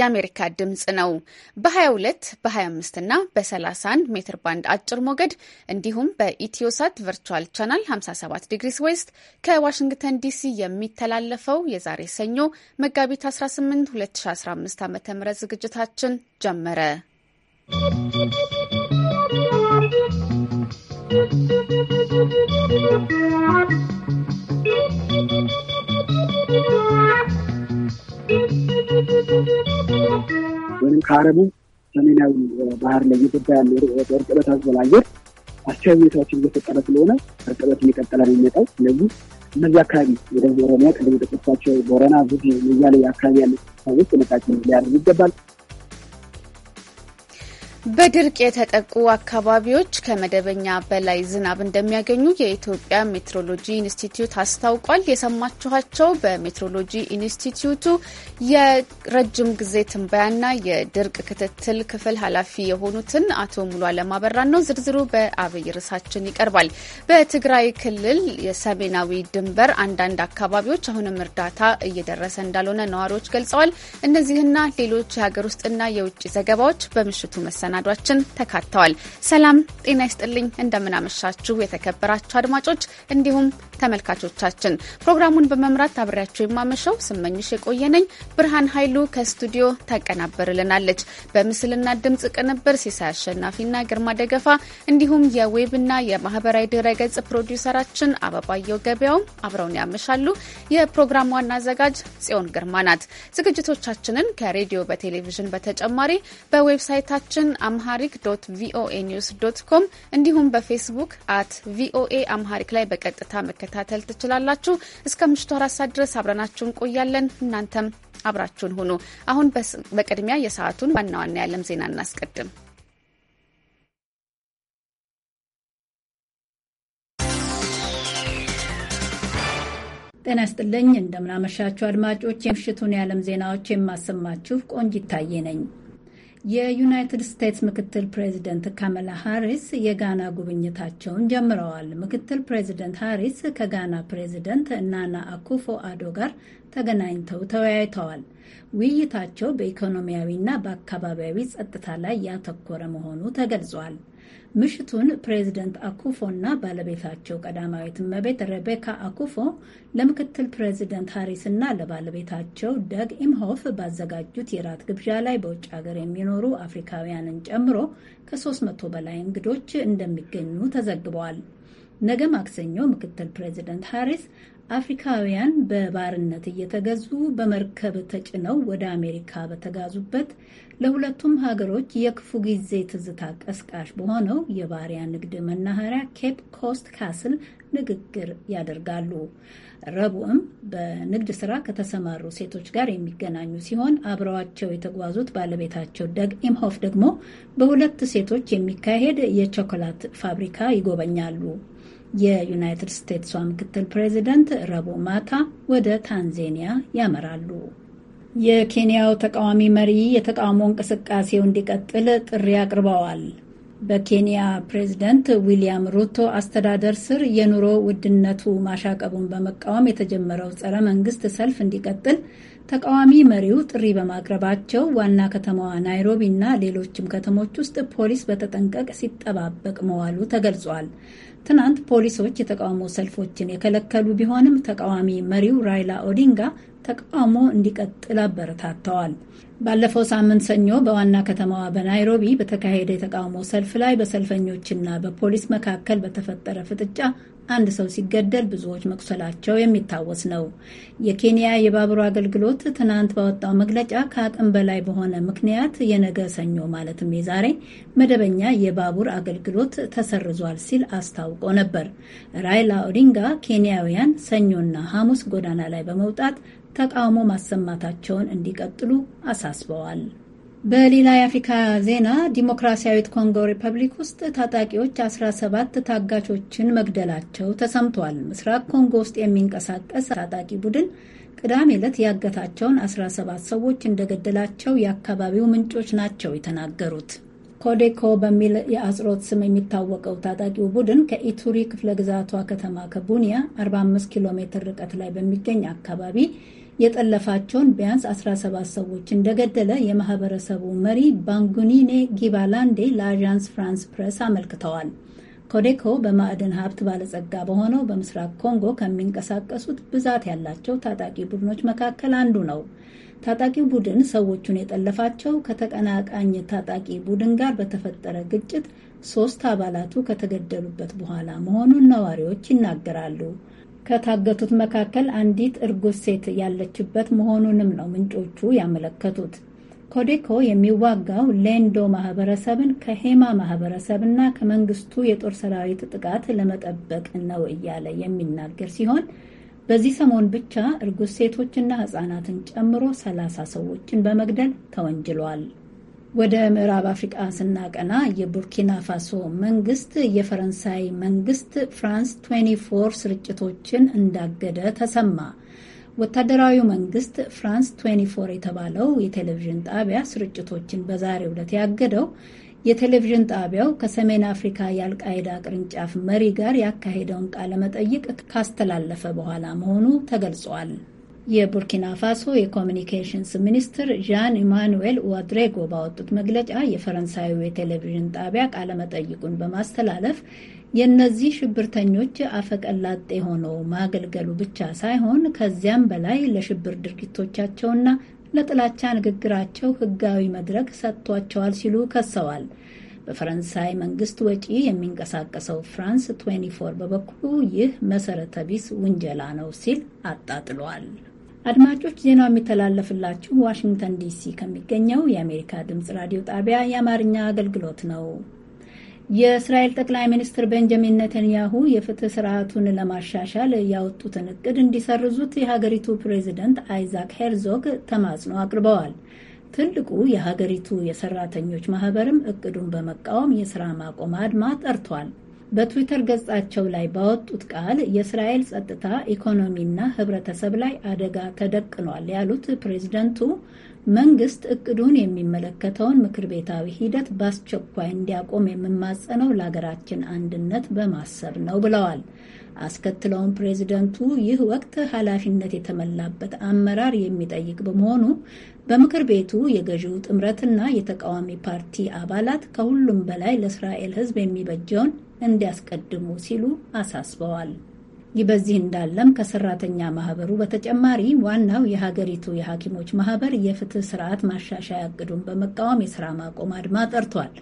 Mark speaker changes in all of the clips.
Speaker 1: የአሜሪካ ድምፅ ነው። በ22 በ25 እና በ31 ሜትር ባንድ አጭር ሞገድ እንዲሁም በኢትዮሳት ቨርቹዋል ቻናል 57 ዲግሪስ ዌስት ከዋሽንግተን ዲሲ የሚተላለፈው የዛሬ ሰኞ መጋቢት 18 2015 ዓ ም ዝግጅታችን ጀመረ። ¶¶
Speaker 2: ወይም ከአረቡ ሰሜናዊ ባህር ላይ እየገባ ያለ እርጥበት አዘል አየር አስቻይ ሁኔታዎችን እየፈጠረ ስለሆነ እርጥበት እየቀጠለ ነው የሚመጣው። ስለዚህ እነዚህ አካባቢ ወደ ኦሮሚያ ቀደም የጠቀስኳቸው ቦረና፣ ዙዲ እያለ አካባቢ ያሉ ሰዎች ጥንቃቄ ሊያደርጉ ይገባል።
Speaker 1: በድርቅ የተጠቁ አካባቢዎች ከመደበኛ በላይ ዝናብ እንደሚያገኙ የኢትዮጵያ ሜትሮሎጂ ኢንስቲትዩት አስታውቋል። የሰማችኋቸው በሜትሮሎጂ ኢንስቲትዩቱ የረጅም ጊዜ ትንበያና የድርቅ ክትትል ክፍል ኃላፊ የሆኑትን አቶ ሙሉ አለማበራን ነው። ዝርዝሩ በአብይ ርዕሳችን ይቀርባል። በትግራይ ክልል የሰሜናዊ ድንበር አንዳንድ አካባቢዎች አሁንም እርዳታ እየደረሰ እንዳልሆነ ነዋሪዎች ገልጸዋል። እነዚህና ሌሎች የሀገር ውስጥና የውጭ ዘገባዎች በምሽቱ መሰናል መሰናዷችን ተካተዋል። ሰላም ጤና ይስጥልኝ። እንደምናመሻችሁ የተከበራችሁ አድማጮች እንዲሁም ተመልካቾቻችን፣ ፕሮግራሙን በመምራት አብሬያችሁ የማመሸው ስመኝሽ የቆየነኝ። ብርሃን ኃይሉ ከስቱዲዮ ታቀናበርልናለች። በምስልና ድምፅ ቅንብር ሲሳይ አሸናፊና ግርማ ደገፋ እንዲሁም የዌብና የማህበራዊ ድረገጽ ፕሮዲውሰራችን አበባየው ገበያውም አብረውን ያመሻሉ። የፕሮግራም ዋና አዘጋጅ ጽዮን ግርማ ናት። ዝግጅቶቻችንን ከሬዲዮ በቴሌቪዥን በተጨማሪ በዌብሳይታችን አምሃሪክ ዶት ቪኦኤ ኒውስ ዶት ኮም እንዲሁም በፌስቡክ አት ቪኦኤ አምሃሪክ ላይ በቀጥታ መከታተል ትችላላችሁ። እስከ ምሽቱ አራት ሰዓት ድረስ አብረናችሁን ቆያለን። እናንተም አብራችሁን ሁኑ። አሁን በቅድሚያ የሰዓቱን ዋና ዋና የዓለም ዜና እናስቀድም።
Speaker 3: ጤና ይስጥልኝ እንደምናመሻችሁ አድማጮች፣ የምሽቱን የዓለም ዜናዎች የማሰማችሁ ቆንጅ ይታየ ነኝ። የዩናይትድ ስቴትስ ምክትል ፕሬዚደንት ካመላ ሃሪስ የጋና ጉብኝታቸውን ጀምረዋል። ምክትል ፕሬዚደንት ሃሪስ ከጋና ፕሬዚደንት ናና አኩፎ አዶ ጋር ተገናኝተው ተወያይተዋል። ውይይታቸው በኢኮኖሚያዊና በአካባቢያዊ ጸጥታ ላይ ያተኮረ መሆኑ ተገልጿል። ምሽቱን ፕሬዚደንት አኩፎ እና ባለቤታቸው ቀዳማዊት እመቤት ሬቤካ አኩፎ ለምክትል ፕሬዚደንት ሀሪስ እና ለባለቤታቸው ደግ ኢምሆፍ ባዘጋጁት የራት ግብዣ ላይ በውጭ ሀገር የሚኖሩ አፍሪካውያንን ጨምሮ ከሶስት መቶ በላይ እንግዶች እንደሚገኙ ተዘግበዋል። ነገ ማክሰኞ ምክትል ፕሬዚደንት ሀሪስ አፍሪካውያን በባርነት እየተገዙ በመርከብ ተጭነው ወደ አሜሪካ በተጋዙበት ለሁለቱም ሀገሮች የክፉ ጊዜ ትዝታ ቀስቃሽ በሆነው የባሪያ ንግድ መናኸሪያ ኬፕ ኮስት ካስል ንግግር ያደርጋሉ። ረቡዕም በንግድ ስራ ከተሰማሩ ሴቶች ጋር የሚገናኙ ሲሆን አብረዋቸው የተጓዙት ባለቤታቸው ደግ ኢምሆፍ ደግሞ በሁለት ሴቶች የሚካሄድ የቾኮላት ፋብሪካ ይጎበኛሉ። የዩናይትድ ስቴትሷ ምክትል ፕሬዚደንት ረቡዕ ማታ ወደ ታንዜኒያ ያመራሉ። የኬንያው ተቃዋሚ መሪ የተቃውሞ እንቅስቃሴው እንዲቀጥል ጥሪ አቅርበዋል። በኬንያ ፕሬዝደንት ዊሊያም ሩቶ አስተዳደር ስር የኑሮ ውድነቱ ማሻቀቡን በመቃወም የተጀመረው ጸረ መንግስት ሰልፍ እንዲቀጥል ተቃዋሚ መሪው ጥሪ በማቅረባቸው ዋና ከተማዋ ናይሮቢ እና ሌሎችም ከተሞች ውስጥ ፖሊስ በተጠንቀቅ ሲጠባበቅ መዋሉ ተገልጿል። ትናንት ፖሊሶች የተቃውሞ ሰልፎችን የከለከሉ ቢሆንም ተቃዋሚ መሪው ራይላ ኦዲንጋ ተቃውሞ እንዲቀጥል አበረታተዋል። ባለፈው ሳምንት ሰኞ በዋና ከተማዋ በናይሮቢ በተካሄደ የተቃውሞ ሰልፍ ላይ በሰልፈኞችና በፖሊስ መካከል በተፈጠረ ፍጥጫ አንድ ሰው ሲገደል ብዙዎች መቁሰላቸው የሚታወስ ነው። የኬንያ የባቡር አገልግሎት ትናንት ባወጣው መግለጫ ከአቅም በላይ በሆነ ምክንያት የነገ ሰኞ ማለትም የዛሬ መደበኛ የባቡር አገልግሎት ተሰርዟል ሲል አስታውቆ ነበር። ራይላ ኦዲንጋ ኬንያውያን ሰኞና ሐሙስ ጎዳና ላይ በመውጣት ተቃውሞ ማሰማታቸውን እንዲቀጥሉ አሳስበዋል። በሌላ የአፍሪካ ዜና ዲሞክራሲያዊት ኮንጎ ሪፐብሊክ ውስጥ ታጣቂዎች 17 ታጋቾችን መግደላቸው ተሰምቷል። ምስራቅ ኮንጎ ውስጥ የሚንቀሳቀስ ታጣቂ ቡድን ቅዳሜ ዕለት ያገታቸውን 17 ሰዎች እንደገደላቸው የአካባቢው ምንጮች ናቸው የተናገሩት። ኮዴኮ በሚል የአጽሮት ስም የሚታወቀው ታጣቂው ቡድን ከኢቱሪ ክፍለ ግዛቷ ከተማ ከቡኒያ 45 ኪሎ ሜትር ርቀት ላይ በሚገኝ አካባቢ የጠለፋቸውን ቢያንስ 17 ሰዎች እንደገደለ የማህበረሰቡ መሪ ባንጉኒኔ ጊባላንዴ ለአዣንስ ፍራንስ ፕሬስ አመልክተዋል። ኮዴኮ በማዕድን ሀብት ባለጸጋ በሆነው በምስራቅ ኮንጎ ከሚንቀሳቀሱት ብዛት ያላቸው ታጣቂ ቡድኖች መካከል አንዱ ነው። ታጣቂው ቡድን ሰዎቹን የጠለፋቸው ከተቀናቃኝ ታጣቂ ቡድን ጋር በተፈጠረ ግጭት ሶስት አባላቱ ከተገደሉበት በኋላ መሆኑን ነዋሪዎች ይናገራሉ። ከታገቱት መካከል አንዲት እርጉዝ ሴት ያለችበት መሆኑንም ነው ምንጮቹ ያመለከቱት። ኮዴኮ የሚዋጋው ሌንዶ ማህበረሰብን ከሄማ ማህበረሰብና ከመንግስቱ የጦር ሰራዊት ጥቃት ለመጠበቅ ነው እያለ የሚናገር ሲሆን በዚህ ሰሞን ብቻ እርጉዝ ሴቶችና ህጻናትን ጨምሮ ሰላሳ ሰዎችን በመግደል ተወንጅሏል። ወደ ምዕራብ አፍሪቃ ስናቀና የቡርኪና ፋሶ መንግስት የፈረንሳይ መንግስት ፍራንስ 24 ስርጭቶችን እንዳገደ ተሰማ። ወታደራዊ መንግስት ፍራንስ 24 የተባለው የቴሌቪዥን ጣቢያ ስርጭቶችን በዛሬው ዕለት ያገደው የቴሌቪዥን ጣቢያው ከሰሜን አፍሪካ የአልቃይዳ ቅርንጫፍ መሪ ጋር ያካሄደውን ቃለመጠይቅ ካስተላለፈ በኋላ መሆኑ ተገልጿል። የቡርኪና ፋሶ የኮሚኒኬሽንስ ሚኒስትር ዣን ኢማኑኤል ዋድሬጎ ባወጡት መግለጫ የፈረንሳዩ የቴሌቪዥን ጣቢያ ቃለመጠይቁን በማስተላለፍ የእነዚህ ሽብርተኞች አፈቀላጤ ሆነው ማገልገሉ ብቻ ሳይሆን ከዚያም በላይ ለሽብር ድርጊቶቻቸውና ለጥላቻ ንግግራቸው ሕጋዊ መድረክ ሰጥቷቸዋል ሲሉ ከሰዋል። በፈረንሳይ መንግስት ወጪ የሚንቀሳቀሰው ፍራንስ 24 በበኩሉ ይህ መሰረተ ቢስ ውንጀላ ነው ሲል አጣጥሏል። አድማጮች ዜናው የሚተላለፍላችሁ ዋሽንግተን ዲሲ ከሚገኘው የአሜሪካ ድምፅ ራዲዮ ጣቢያ የአማርኛ አገልግሎት ነው። የእስራኤል ጠቅላይ ሚኒስትር ቤንጃሚን ነተንያሁ የፍትህ ስርዓቱን ለማሻሻል ያወጡትን እቅድ እንዲሰርዙት የሀገሪቱ ፕሬዚደንት አይዛክ ሄርዞግ ተማጽኖ አቅርበዋል። ትልቁ የሀገሪቱ የሰራተኞች ማህበርም እቅዱን በመቃወም የስራ ማቆም አድማ ጠርቷል። በትዊተር ገጻቸው ላይ ባወጡት ቃል የእስራኤል ጸጥታ፣ ኢኮኖሚና ህብረተሰብ ላይ አደጋ ተደቅኗል ያሉት ፕሬዝደንቱ መንግስት እቅዱን የሚመለከተውን ምክር ቤታዊ ሂደት በአስቸኳይ እንዲያቆም የምማጸነው ለሀገራችን አንድነት በማሰብ ነው ብለዋል። አስከትለውም ፕሬዚደንቱ ይህ ወቅት ኃላፊነት የተሞላበት አመራር የሚጠይቅ በመሆኑ በምክር ቤቱ የገዢው ጥምረትና የተቃዋሚ ፓርቲ አባላት ከሁሉም በላይ ለእስራኤል ሕዝብ የሚበጀውን እንዲያስቀድሙ ሲሉ አሳስበዋል። ይህ በዚህ እንዳለም ከሰራተኛ ማህበሩ በተጨማሪ ዋናው የሀገሪቱ የሐኪሞች ማህበር የፍትህ ስርዓት ማሻሻያ እቅዱን በመቃወም የስራ ማቆም አድማ ጠርቷል።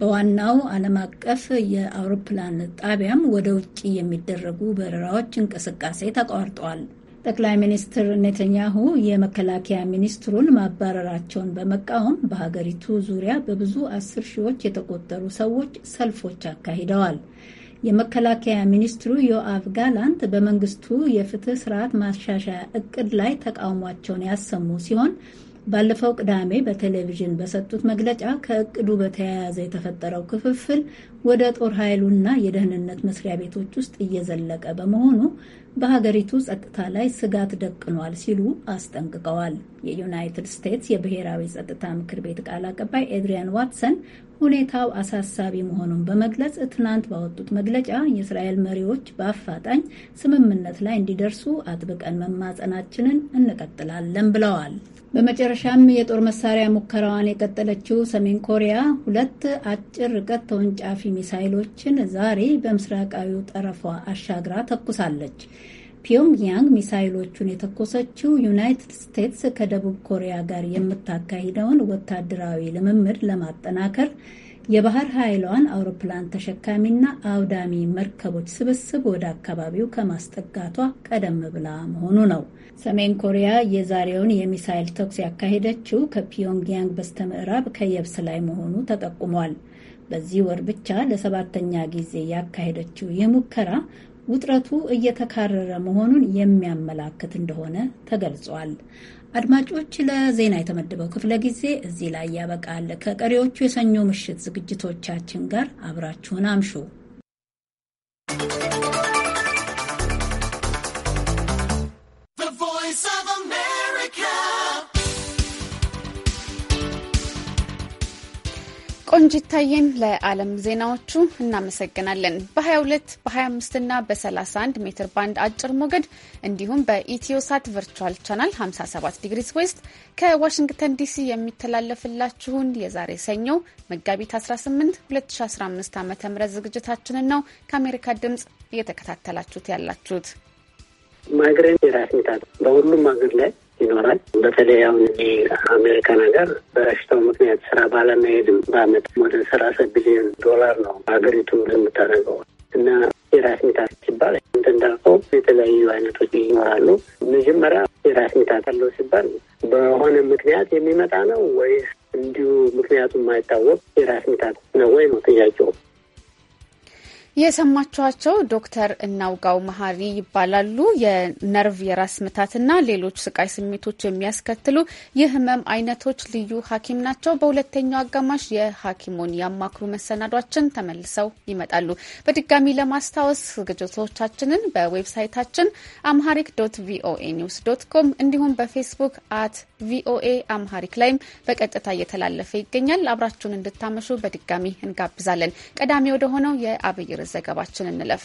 Speaker 3: በዋናው ዓለም አቀፍ የአውሮፕላን ጣቢያም ወደ ውጭ የሚደረጉ በረራዎች እንቅስቃሴ ተቋርጠዋል። ጠቅላይ ሚኒስትር ኔተንያሁ የመከላከያ ሚኒስትሩን ማባረራቸውን በመቃወም በሀገሪቱ ዙሪያ በብዙ አስር ሺዎች የተቆጠሩ ሰዎች ሰልፎች አካሂደዋል። የመከላከያ ሚኒስትሩ ዮአቭ ጋላንት በመንግስቱ የፍትህ ስርዓት ማሻሻያ እቅድ ላይ ተቃውሟቸውን ያሰሙ ሲሆን ባለፈው ቅዳሜ በቴሌቪዥን በሰጡት መግለጫ ከእቅዱ በተያያዘ የተፈጠረው ክፍፍል ወደ ጦር ኃይሉና የደህንነት መስሪያ ቤቶች ውስጥ እየዘለቀ በመሆኑ በሀገሪቱ ጸጥታ ላይ ስጋት ደቅኗል ሲሉ አስጠንቅቀዋል። የዩናይትድ ስቴትስ የብሔራዊ ጸጥታ ምክር ቤት ቃል አቀባይ ኤድሪያን ዋትሰን ሁኔታው አሳሳቢ መሆኑን በመግለጽ ትናንት ባወጡት መግለጫ የእስራኤል መሪዎች በአፋጣኝ ስምምነት ላይ እንዲደርሱ አጥብቀን መማጸናችንን እንቀጥላለን ብለዋል። በመጨረሻም የጦር መሳሪያ ሙከራዋን የቀጠለችው ሰሜን ኮሪያ ሁለት አጭር ርቀት ተወንጫፊ ሚሳይሎችን ዛሬ በምስራቃዊው ጠረፏ አሻግራ ተኩሳለች። ፒዮንግያንግ ሚሳይሎቹን የተኮሰችው ዩናይትድ ስቴትስ ከደቡብ ኮሪያ ጋር የምታካሂደውን ወታደራዊ ልምምድ ለማጠናከር የባህር ኃይሏን አውሮፕላን ተሸካሚና አውዳሚ መርከቦች ስብስብ ወደ አካባቢው ከማስጠጋቷ ቀደም ብላ መሆኑ ነው። ሰሜን ኮሪያ የዛሬውን የሚሳይል ተኩስ ያካሄደችው ከፒዮንግያንግ በስተምዕራብ ከየብስ ላይ መሆኑ ተጠቁሟል። በዚህ ወር ብቻ ለሰባተኛ ጊዜ ያካሄደችው ይህ ሙከራ ውጥረቱ እየተካረረ መሆኑን የሚያመላክት እንደሆነ ተገልጿል። አድማጮች፣ ለዜና የተመደበው ክፍለ ጊዜ እዚህ ላይ ያበቃል። ከቀሪዎቹ የሰኞ ምሽት ዝግጅቶቻችን ጋር አብራችሁን አምሹ።
Speaker 1: ይታየን ለዓለም ዜናዎቹ እናመሰግናለን። በ22 በ25 እና በ31 ሜትር ባንድ አጭር ሞገድ እንዲሁም በኢትዮሳት ቨርቹዋል ቻናል 57 ዲግሪ ስዌስት ከዋሽንግተን ዲሲ የሚተላለፍላችሁን የዛሬ ሰኞ መጋቢት 18 2015 ዓ ም ዝግጅታችንን ነው ከአሜሪካ ድምፅ እየተከታተላችሁት ያላችሁት።
Speaker 4: ማይግሬን የራስ ምታት በሁሉም ሀገር ላይ ይኖራል። በተለይ አሁን እዚህ አሜሪካን ሀገር በበሽታው ምክንያት ስራ ባለመሄድም በአመት ወደ ሰላሳ ቢሊዮን ዶላር ነው ሀገሪቱ የምታደርገው እና የራስ ምታት ሲባል እንዳልከው የተለያዩ አይነቶች ይኖራሉ። መጀመሪያ የራስ ምታት አለው ሲባል በሆነ ምክንያት የሚመጣ ነው ወይስ እንዲሁ ምክንያቱም ማይታወቅ የራስ ምታት ነው ወይ ነው ጥያቄው።
Speaker 1: የሰማችኋቸው ዶክተር እናውጋው መሀሪ ይባላሉ። የነርቭ የራስ ምታትና ሌሎች ስቃይ ስሜቶች የሚያስከትሉ የህመም አይነቶች ልዩ ሐኪም ናቸው። በሁለተኛው አጋማሽ የሐኪሙን ያማክሩ መሰናዷችን ተመልሰው ይመጣሉ። በድጋሚ ለማስታወስ ዝግጅቶቻችንን በዌብሳይታችን አምሃሪክ ዶት ቪኦኤ ኒውስ ዶት ኮም እንዲሁም በፌስቡክ አት ቪኦኤ አምሃሪክ ላይም በቀጥታ እየተላለፈ ይገኛል። አብራችሁን እንድታመሹ በድጋሚ እንጋብዛለን። ቀዳሚ ወደሆነው የአብይ ርዕስ ዘገባችን እንለፍ።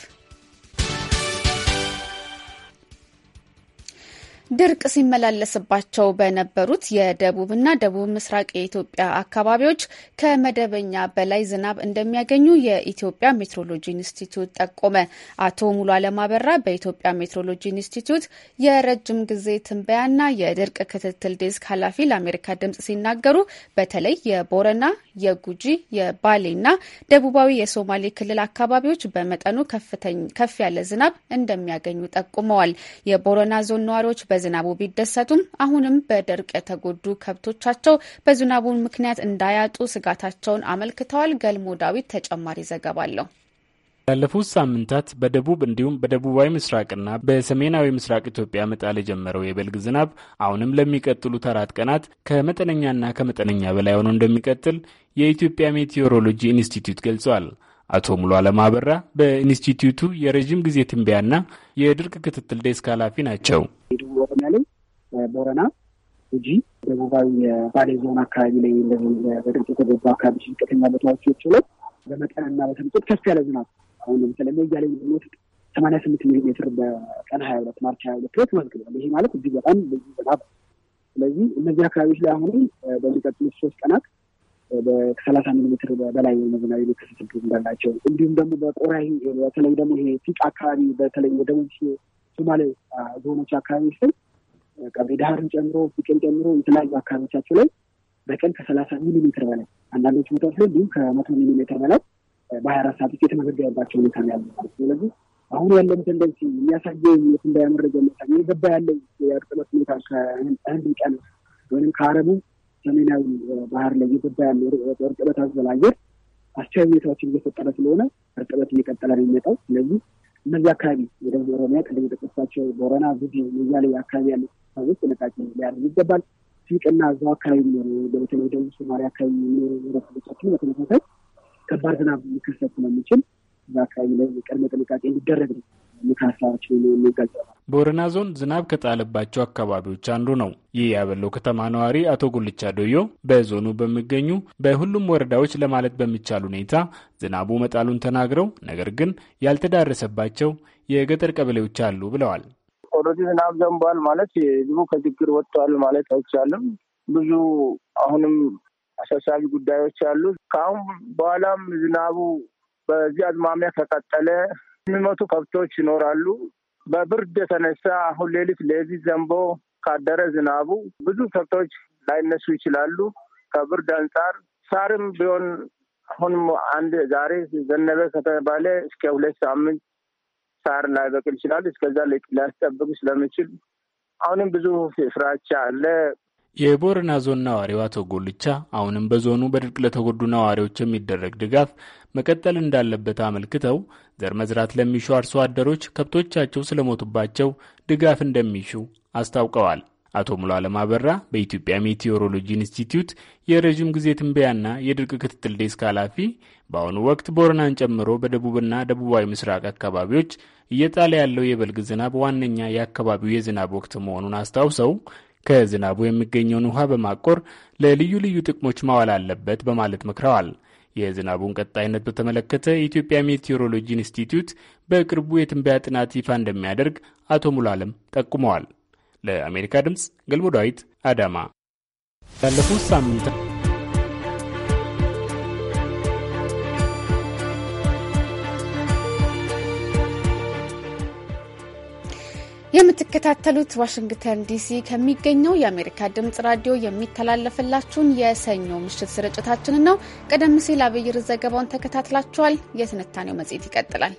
Speaker 1: ድርቅ ሲመላለስባቸው በነበሩት የደቡብና ደቡብ ምስራቅ የኢትዮጵያ አካባቢዎች ከመደበኛ በላይ ዝናብ እንደሚያገኙ የኢትዮጵያ ሜትሮሎጂ ኢንስቲትዩት ጠቆመ። አቶ ሙሉ አለማበራ በኢትዮጵያ ሜትሮሎጂ ኢንስቲትዩት የረጅም ጊዜ ትንበያና የድርቅ ክትትል ዴስክ ኃላፊ ለአሜሪካ ድምጽ ሲናገሩ በተለይ የቦረና የጉጂ የባሌና ደቡባዊ የሶማሌ ክልል አካባቢዎች በመጠኑ ከፍ ያለ ዝናብ እንደሚያገኙ ጠቁመዋል። የቦረና ዞን ነዋሪዎች በዝናቡ ቢደሰቱም አሁንም በድርቅ የተጎዱ ከብቶቻቸው በዝናቡ ምክንያት እንዳያጡ ስጋታቸውን አመልክተዋል። ገልሞ ዳዊት ተጨማሪ ዘገባ አለው።
Speaker 5: ያለፉት ሳምንታት በደቡብ እንዲሁም በደቡባዊ ምስራቅና በሰሜናዊ ምስራቅ ኢትዮጵያ መጣል የጀመረው የበልግ ዝናብ አሁንም ለሚቀጥሉት አራት ቀናት ከመጠነኛና ከመጠነኛ በላይ ሆኖ እንደሚቀጥል የኢትዮጵያ ሜቴዎሮሎጂ ኢንስቲትዩት ገልጿል። አቶ ሙሉ አለማበራ አበራ በኢንስቲትዩቱ የረዥም ጊዜ ትንበያና የድርቅ ክትትል ዴስክ ኃላፊ ናቸው።
Speaker 2: ደቡብ ቦረና፣ ጉጂ፣ ደቡባዊ የባሌ ዞን አካባቢ ላይ እንደዚህ በድርቅ የተጎዱ አካባቢ ዝቅተኛ ቦታዎች ላይ በመጠንና በተምጦት ከፍ ያለ ዝናብ አሁን ለምሳሌ ሞያ ላይ የሚወስድ ሰማንያ ስምንት ሚሊ ሜትር በቀን ሀያ ሁለት ማርች ሀያ ሁለት ላይ መዝግቧል። ይሄ ማለት እጅግ በጣም ብዙ ዝናብ። ስለዚህ እነዚህ አካባቢዎች ላይ አሁንም በሚቀጥሉት ሶስት ቀናት ከሰላሳ ሚሊሜትር በላይ የሆነ ዝናብ የመከሰት እንዳላቸው እንዲሁም ደግሞ በቆራሂ በተለይ ደግሞ ይሄ ፊቅ አካባቢ በተለይ የደቡብ ሶማሌ ዞኖች አካባቢ ስል ቀብሪ ዳህርን ጨምሮ ፊቅን ጨምሮ የተለያዩ አካባቢዎቻቸው ላይ በቀን ከሰላሳ ሚሊሜትር በላይ አንዳንዶች ቦታዎች ላይ እንዲሁም ከመቶ ሚሊሜትር በላይ በሀያ አራት ሰዓት ውስጥ የተመዘገበባቸው ሁኔታ ነው ያለ ማለት ነው። ስለዚህ አሁን ያለን ቴንደንሲ የሚያሳየው የትንበያ መረጃ የሚያሳየው የገባ ያለው የእርጥበት ሁኔታ ከህንድ ቀን ወይም ከአረቡ ሰሜናዊ ባህር ላይ እየገባ ያለው እርጥበት አዘል አየር አስቻይ ሁኔታዎችን እየፈጠረ ስለሆነ እርጥበት እየቀጠለ ነው የሚመጣው። ስለዚህ እነዚህ አካባቢ የደቡብ ኦሮሚያ ቀደም የጠቀስኳቸው ቦረና፣ ጉጂ፣ ሞያሌ አካባቢ ያሉ ሰዎች ጥንቃቄ ሊያደርጉ ይገባል። ሲቅና እዛው አካባቢ የሚኖሩ በተለይ ደቡብ ሶማሊያ አካባቢ የሚኖሩ ረሰቦቻችን በተመሳሳይ ከባድ ዝናብ ሊከሰት ስለሚችል እዛ አካባቢ ላይ የቅድመ ጥንቃቄ እንዲደረግ ነው
Speaker 5: ቦረና ዞን ዝናብ ከጣለባቸው አካባቢዎች አንዱ ነው። ይህ ያበለው ከተማ ነዋሪ አቶ ጉልቻ ዶዮ በዞኑ በሚገኙ በሁሉም ወረዳዎች ለማለት በሚቻል ሁኔታ ዝናቡ መጣሉን ተናግረው ነገር ግን ያልተዳረሰባቸው የገጠር ቀበሌዎች አሉ ብለዋል።
Speaker 6: ኦልሬዲ ዝናብ ዘንቧል ማለት ህዝቡ ከችግር ወጥቷል ማለት አይቻልም። ብዙ አሁንም አሳሳቢ ጉዳዮች አሉ። ከአሁን በኋላም ዝናቡ በዚህ አዝማሚያ ከቀጠለ የሚመቱ ከብቶች ይኖራሉ። በብርድ የተነሳ አሁን ሌሊት ለዚህ ዘንቦ ካደረ ዝናቡ ብዙ ከብቶች ላይነሱ ይችላሉ። ከብርድ አንጻር ሳርም ቢሆን አሁንም አንድ ዛሬ ዘነበ ከተባለ እስከ ሁለት ሳምንት ሳር ላይበቅል ይችላል። እስከዛ ሊያስጠብቅ ስለምችል አሁንም ብዙ ፍራቻ አለ።
Speaker 5: የቦረና ዞን ነዋሪው አቶ ጎልቻ አሁንም በዞኑ በድርቅ ለተጎዱ ነዋሪዎች የሚደረግ ድጋፍ መቀጠል እንዳለበት አመልክተው ዘር መዝራት ለሚሹ አርሶ አደሮች ከብቶቻቸው ስለሞቱባቸው ድጋፍ እንደሚሹ አስታውቀዋል። አቶ ሙሉ አለማበራ በኢትዮጵያ ሜቴዎሮሎጂ ኢንስቲትዩት የረዥም ጊዜ ትንበያና የድርቅ ክትትል ዴስክ ኃላፊ፣ በአሁኑ ወቅት ቦረናን ጨምሮ በደቡብና ደቡባዊ ምስራቅ አካባቢዎች እየጣለ ያለው የበልግ ዝናብ ዋነኛ የአካባቢው የዝናብ ወቅት መሆኑን አስታውሰው ከዝናቡ የሚገኘውን ውሃ በማቆር ለልዩ ልዩ ጥቅሞች ማዋል አለበት በማለት መክረዋል። የዝናቡን ቀጣይነት በተመለከተ የኢትዮጵያ ሜቴዎሮሎጂ ኢንስቲትዩት በቅርቡ የትንበያ ጥናት ይፋ እንደሚያደርግ አቶ ሙሉዓለም ጠቁመዋል። ለአሜሪካ ድምፅ ገልሞ ዳዊት አዳማ ያለፉት ሳምንት
Speaker 1: የምትከታተሉት ዋሽንግተን ዲሲ ከሚገኘው የአሜሪካ ድምጽ ራዲዮ የሚተላለፍላችሁን የሰኞ ምሽት ስርጭታችንን ነው። ቀደም ሲል አብይር ዘገባውን ተከታትላችኋል። የትንታኔው መጽሔት ይቀጥላል።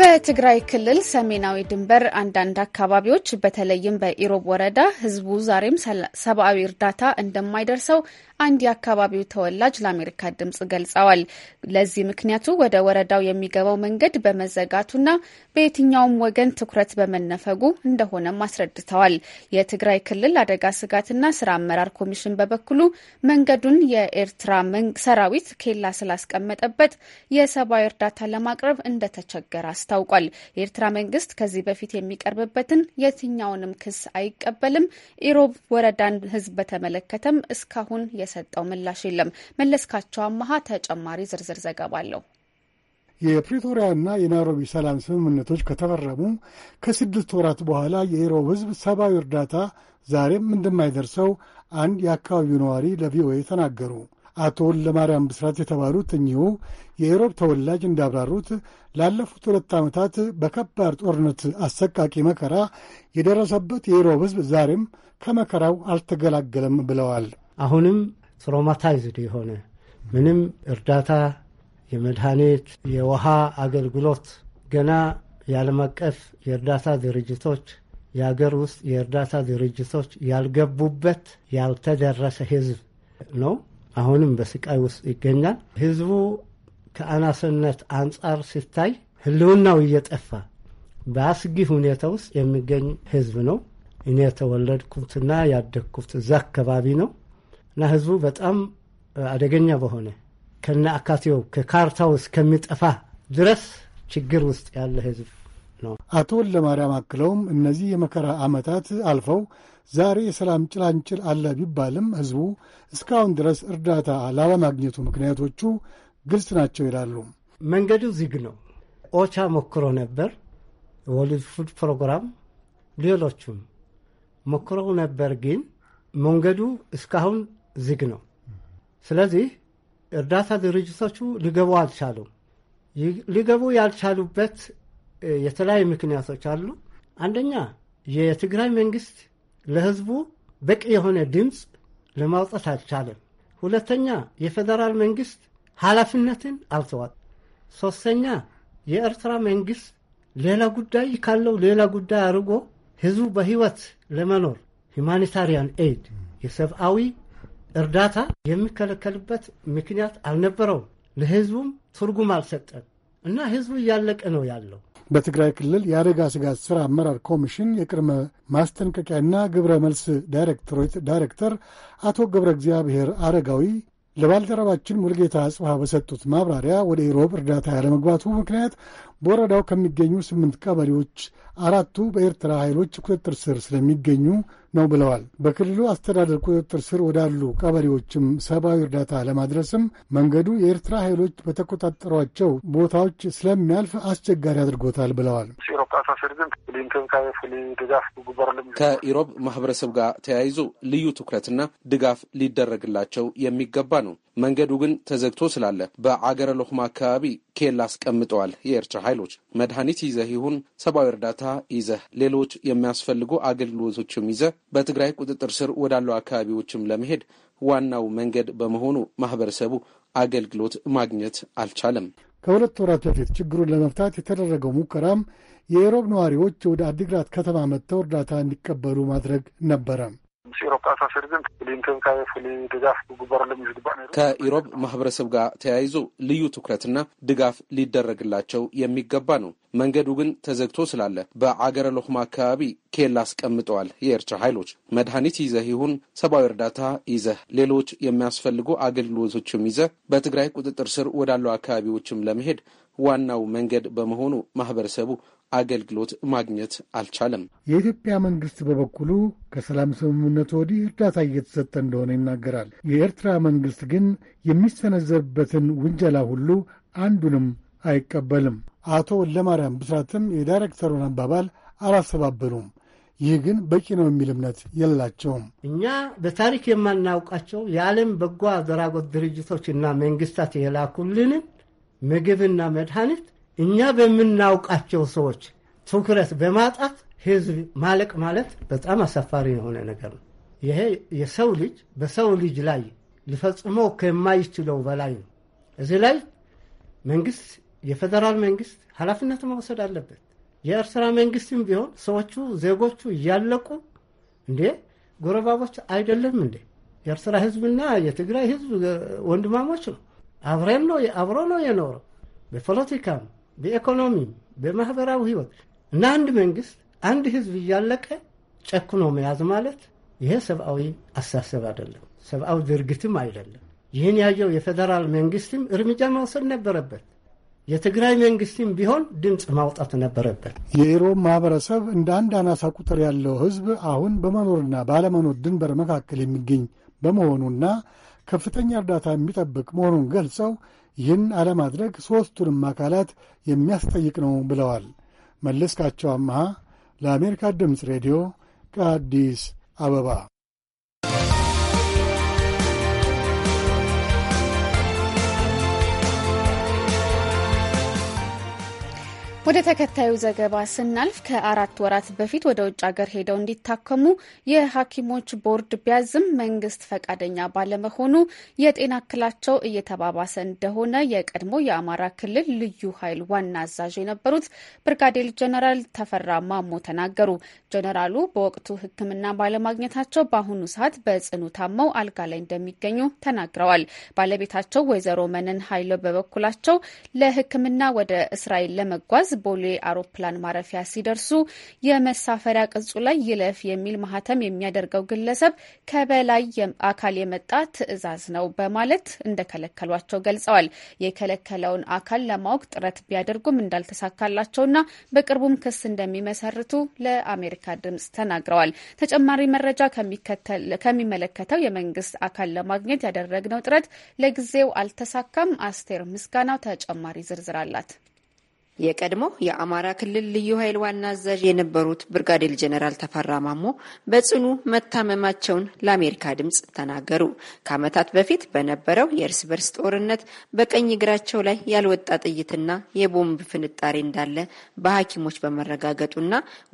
Speaker 1: በትግራይ ክልል ሰሜናዊ ድንበር አንዳንድ አካባቢዎች በተለይም በኢሮብ ወረዳ ህዝቡ ዛሬም ሰብአዊ እርዳታ እንደማይደርሰው አንድ የአካባቢው ተወላጅ ለአሜሪካ ድምጽ ገልጸዋል። ለዚህ ምክንያቱ ወደ ወረዳው የሚገባው መንገድ በመዘጋቱና በየትኛውም ወገን ትኩረት በመነፈጉ እንደሆነም አስረድተዋል። የትግራይ ክልል አደጋ ስጋትና ስራ አመራር ኮሚሽን በበኩሉ መንገዱን የኤርትራ ሰራዊት ኬላ ስላስቀመጠበት የሰብአዊ እርዳታ ለማቅረብ እንደተቸገረ አስታውቋል። የኤርትራ መንግስት ከዚህ በፊት የሚቀርብበትን የትኛውንም ክስ አይቀበልም። ኢሮብ ወረዳን ህዝብ በተመለከተም እስካሁን የሰጠው ምላሽ የለም። መለስካቸው አመሃ ተጨማሪ ዝርዝር ዘገባ አለው።
Speaker 7: የፕሪቶሪያና የናይሮቢ ሰላም ስምምነቶች ከተፈረሙ ከስድስት ወራት በኋላ የኢሮብ ህዝብ ሰብአዊ እርዳታ ዛሬም እንደማይደርሰው አንድ የአካባቢው ነዋሪ ለቪኦኤ ተናገሩ። አቶ ወልደማርያም ብስራት የተባሉት እኚሁ የኢሮብ ተወላጅ እንዳብራሩት ላለፉት ሁለት ዓመታት በከባድ ጦርነት አሰቃቂ መከራ የደረሰበት የኢሮብ ህዝብ ዛሬም ከመከራው አልተገላገለም ብለዋል። አሁንም ትሮማታይዝድ የሆነ ምንም እርዳታ
Speaker 8: የመድኃኒት የውሃ አገልግሎት ገና የዓለም አቀፍ የእርዳታ ድርጅቶች የአገር ውስጥ የእርዳታ ድርጅቶች ያልገቡበት ያልተደረሰ ህዝብ ነው። አሁንም በስቃይ ውስጥ ይገኛል። ህዝቡ ከአናስነት አንጻር ሲታይ ህልውናው እየጠፋ በአስጊ ሁኔታ ውስጥ የሚገኝ ህዝብ ነው። እኔ የተወለድኩትና ያደግኩት እዛ አካባቢ ነው። እና ህዝቡ በጣም አደገኛ በሆነ ከነ
Speaker 7: አካቴው ከካርታው እስከሚጠፋ ድረስ ችግር ውስጥ ያለ ህዝብ ነው። አቶ ወልደማርያም አክለውም እነዚህ የመከራ ዓመታት አልፈው ዛሬ የሰላም ጭላንጭል አለ ቢባልም ህዝቡ እስካሁን ድረስ እርዳታ ላለማግኘቱ ምክንያቶቹ ግልጽ ናቸው ይላሉ። መንገዱ ዝግ ነው። ኦቻ ሞክሮ ነበር፣
Speaker 8: ወልድ ፉድ ፕሮግራም፣ ሌሎቹም ሞክረው ነበር። ግን መንገዱ እስካሁን ዝግ ነው። ስለዚህ እርዳታ ድርጅቶቹ ሊገቡ አልቻሉም። ሊገቡ ያልቻሉበት የተለያዩ ምክንያቶች አሉ። አንደኛ የትግራይ መንግስት ለህዝቡ በቂ የሆነ ድምፅ ለማውጣት አልቻለም። ሁለተኛ የፌዴራል መንግስት ኃላፊነትን አልተዋጥ። ሶስተኛ የኤርትራ መንግስት ሌላ ጉዳይ ካለው ሌላ ጉዳይ አድርጎ ህዝቡ በህይወት ለመኖር ሁማኒታሪያን ኤድ የሰብአዊ እርዳታ የሚከለከልበት ምክንያት አልነበረውም። ለህዝቡም ትርጉም አልሰጠም እና ህዝቡ እያለቀ ነው ያለው።
Speaker 7: በትግራይ ክልል የአደጋ ስጋት ሥራ አመራር ኮሚሽን የቅድመ ማስጠንቀቂያና ግብረ መልስ ዳይሬክቶሬት ዳይሬክተር አቶ ገብረ እግዚአብሔር አረጋዊ ለባልደረባችን ሙልጌታ አጽብሃ በሰጡት ማብራሪያ ወደ ኢሮብ እርዳታ ያለመግባቱ ምክንያት በወረዳው ከሚገኙ ስምንት ቀበሌዎች አራቱ በኤርትራ ኃይሎች ቁጥጥር ስር ስለሚገኙ ነው ብለዋል። በክልሉ አስተዳደር ቁጥጥር ስር ወዳሉ ቀበሌዎችም ሰብአዊ እርዳታ ለማድረስም መንገዱ የኤርትራ ኃይሎች በተቆጣጠሯቸው ቦታዎች ስለሚያልፍ አስቸጋሪ አድርጎታል ብለዋል።
Speaker 9: ከኢሮብ ማህበረሰብ ጋር ተያይዞ ልዩ ትኩረትና ድጋፍ ሊደረግላቸው የሚገባ ነው። መንገዱ ግን ተዘግቶ ስላለ በአገረ ሎክማ አካባቢ ኬላ አስቀምጠዋል የኤርትራ ኃይሎች። መድኃኒት ይዘህ ይሁን ሰብአዊ እርዳታ ይዘህ ሌሎች የሚያስፈልጉ አገልግሎቶችም ይዘህ በትግራይ ቁጥጥር ስር ወዳለው አካባቢዎችም ለመሄድ ዋናው መንገድ በመሆኑ ማህበረሰቡ አገልግሎት ማግኘት አልቻለም።
Speaker 7: ከሁለት ወራት በፊት ችግሩን ለመፍታት የተደረገው ሙከራም የኢሮብ ነዋሪዎች ወደ አዲግራት ከተማ መጥተው እርዳታ እንዲቀበሉ ማድረግ ነበረ።
Speaker 9: ከኢሮብ ማህበረሰብ ጋር ተያይዞ ልዩ ትኩረትና ድጋፍ ሊደረግላቸው የሚገባ ነው። መንገዱ ግን ተዘግቶ ስላለ በአገረ ሎኹማ አካባቢ ኬላ አስቀምጠዋል። የኤርትራ ኃይሎች መድኃኒት ይዘህ ይሁን ሰብአዊ እርዳታ ይዘህ ሌሎች የሚያስፈልጉ አገልግሎቶችም ይዘህ በትግራይ ቁጥጥር ስር ወዳለው አካባቢዎችም ለመሄድ ዋናው መንገድ በመሆኑ ማህበረሰቡ አገልግሎት ማግኘት አልቻለም።
Speaker 7: የኢትዮጵያ መንግስት በበኩሉ ከሰላም ስምምነቱ ወዲህ እርዳታ እየተሰጠ እንደሆነ ይናገራል። የኤርትራ መንግስት ግን የሚሰነዘርበትን ውንጀላ ሁሉ አንዱንም አይቀበልም። አቶ ወለማርያም ብስራትም የዳይሬክተሩን አባባል አላሰባበሉም። ይህ ግን በቂ ነው የሚል እምነት የላቸውም።
Speaker 8: እኛ በታሪክ የማናውቃቸው የዓለም በጎ አድራጎት ድርጅቶችና መንግስታት የላኩልንን ምግብና መድኃኒት እኛ በምናውቃቸው ሰዎች ትኩረት በማጣት ህዝብ ማለቅ ማለት በጣም አሳፋሪ የሆነ ነገር ነው። ይሄ የሰው ልጅ በሰው ልጅ ላይ ሊፈጽሞ ከማይችለው በላይ ነው። እዚህ ላይ መንግስት፣ የፌደራል መንግስት ኃላፊነት መውሰድ አለበት። የኤርትራ መንግስትም ቢሆን ሰዎቹ ዜጎቹ እያለቁ እንዴ ጎረባቦች አይደለም እንዴ? የኤርትራ ህዝብና የትግራይ ህዝብ ወንድማሞች ነው። አብረን ነው አብሮ ነው የኖረው በፖለቲካም በኢኮኖሚ በማህበራዊ ህይወት እና አንድ መንግስት አንድ ህዝብ እያለቀ ጨክኖ መያዝ ማለት ይሄ ሰብአዊ አሳሰብ አይደለም፣ ሰብአዊ ድርጊትም አይደለም። ይህን ያየው የፌዴራል መንግስትም እርምጃ መውሰድ ነበረበት። የትግራይ መንግስትም ቢሆን
Speaker 7: ድምፅ ማውጣት ነበረበት። የኢሮብ ማህበረሰብ እንደ አንድ አናሳ ቁጥር ያለው ህዝብ አሁን በመኖርና ባለመኖር ድንበር መካከል የሚገኝ በመሆኑና ከፍተኛ እርዳታ የሚጠብቅ መሆኑን ገልጸው ይህን አለማድረግ ሦስቱንም አካላት የሚያስጠይቅ ነው ብለዋል። መለስካቸው አመሃ ለአሜሪካ ድምፅ ሬዲዮ ከአዲስ አበባ
Speaker 1: ወደ ተከታዩ ዘገባ ስናልፍ ከአራት ወራት በፊት ወደ ውጭ ሀገር ሄደው እንዲታከሙ የሐኪሞች ቦርድ ቢያዝም መንግስት ፈቃደኛ ባለመሆኑ የጤና እክላቸው እየተባባሰ እንደሆነ የቀድሞ የአማራ ክልል ልዩ ኃይል ዋና አዛዥ የነበሩት ብርጋዴር ጀነራል ተፈራ ማሞ ተናገሩ። ጀነራሉ በወቅቱ ሕክምና ባለማግኘታቸው በአሁኑ ሰዓት በጽኑ ታመው አልጋ ላይ እንደሚገኙ ተናግረዋል። ባለቤታቸው ወይዘሮ መነን ኃይለ በበኩላቸው ለሕክምና ወደ እስራኤል ለመጓዝ ቦሌ አውሮፕላን ማረፊያ ሲደርሱ የመሳፈሪያ ቅጹ ላይ ይለፍ የሚል ማህተም የሚያደርገው ግለሰብ ከበላይ አካል የመጣ ትዕዛዝ ነው በማለት እንደከለከሏቸው ገልጸዋል። የከለከለውን አካል ለማወቅ ጥረት ቢያደርጉም እንዳልተሳካላቸውና በቅርቡም ክስ እንደሚመሰርቱ ለአሜሪካ ድምጽ ተናግረዋል። ተጨማሪ መረጃ ከሚመለከተው የመንግስት አካል ለማግኘት ያደረግነው ጥረት ለጊዜው አልተሳካም። አስቴር
Speaker 10: ምስጋናው ተጨማሪ ዝርዝር አላት። የቀድሞ የአማራ ክልል ልዩ ኃይል ዋና አዛዥ የነበሩት ብርጋዴር ጀኔራል ተፈራ ማሞ በጽኑ መታመማቸውን ለአሜሪካ ድምፅ ተናገሩ። ከዓመታት በፊት በነበረው የእርስ በርስ ጦርነት በቀኝ እግራቸው ላይ ያልወጣ ጥይትና የቦምብ ፍንጣሬ እንዳለ በሐኪሞች በመረጋገጡና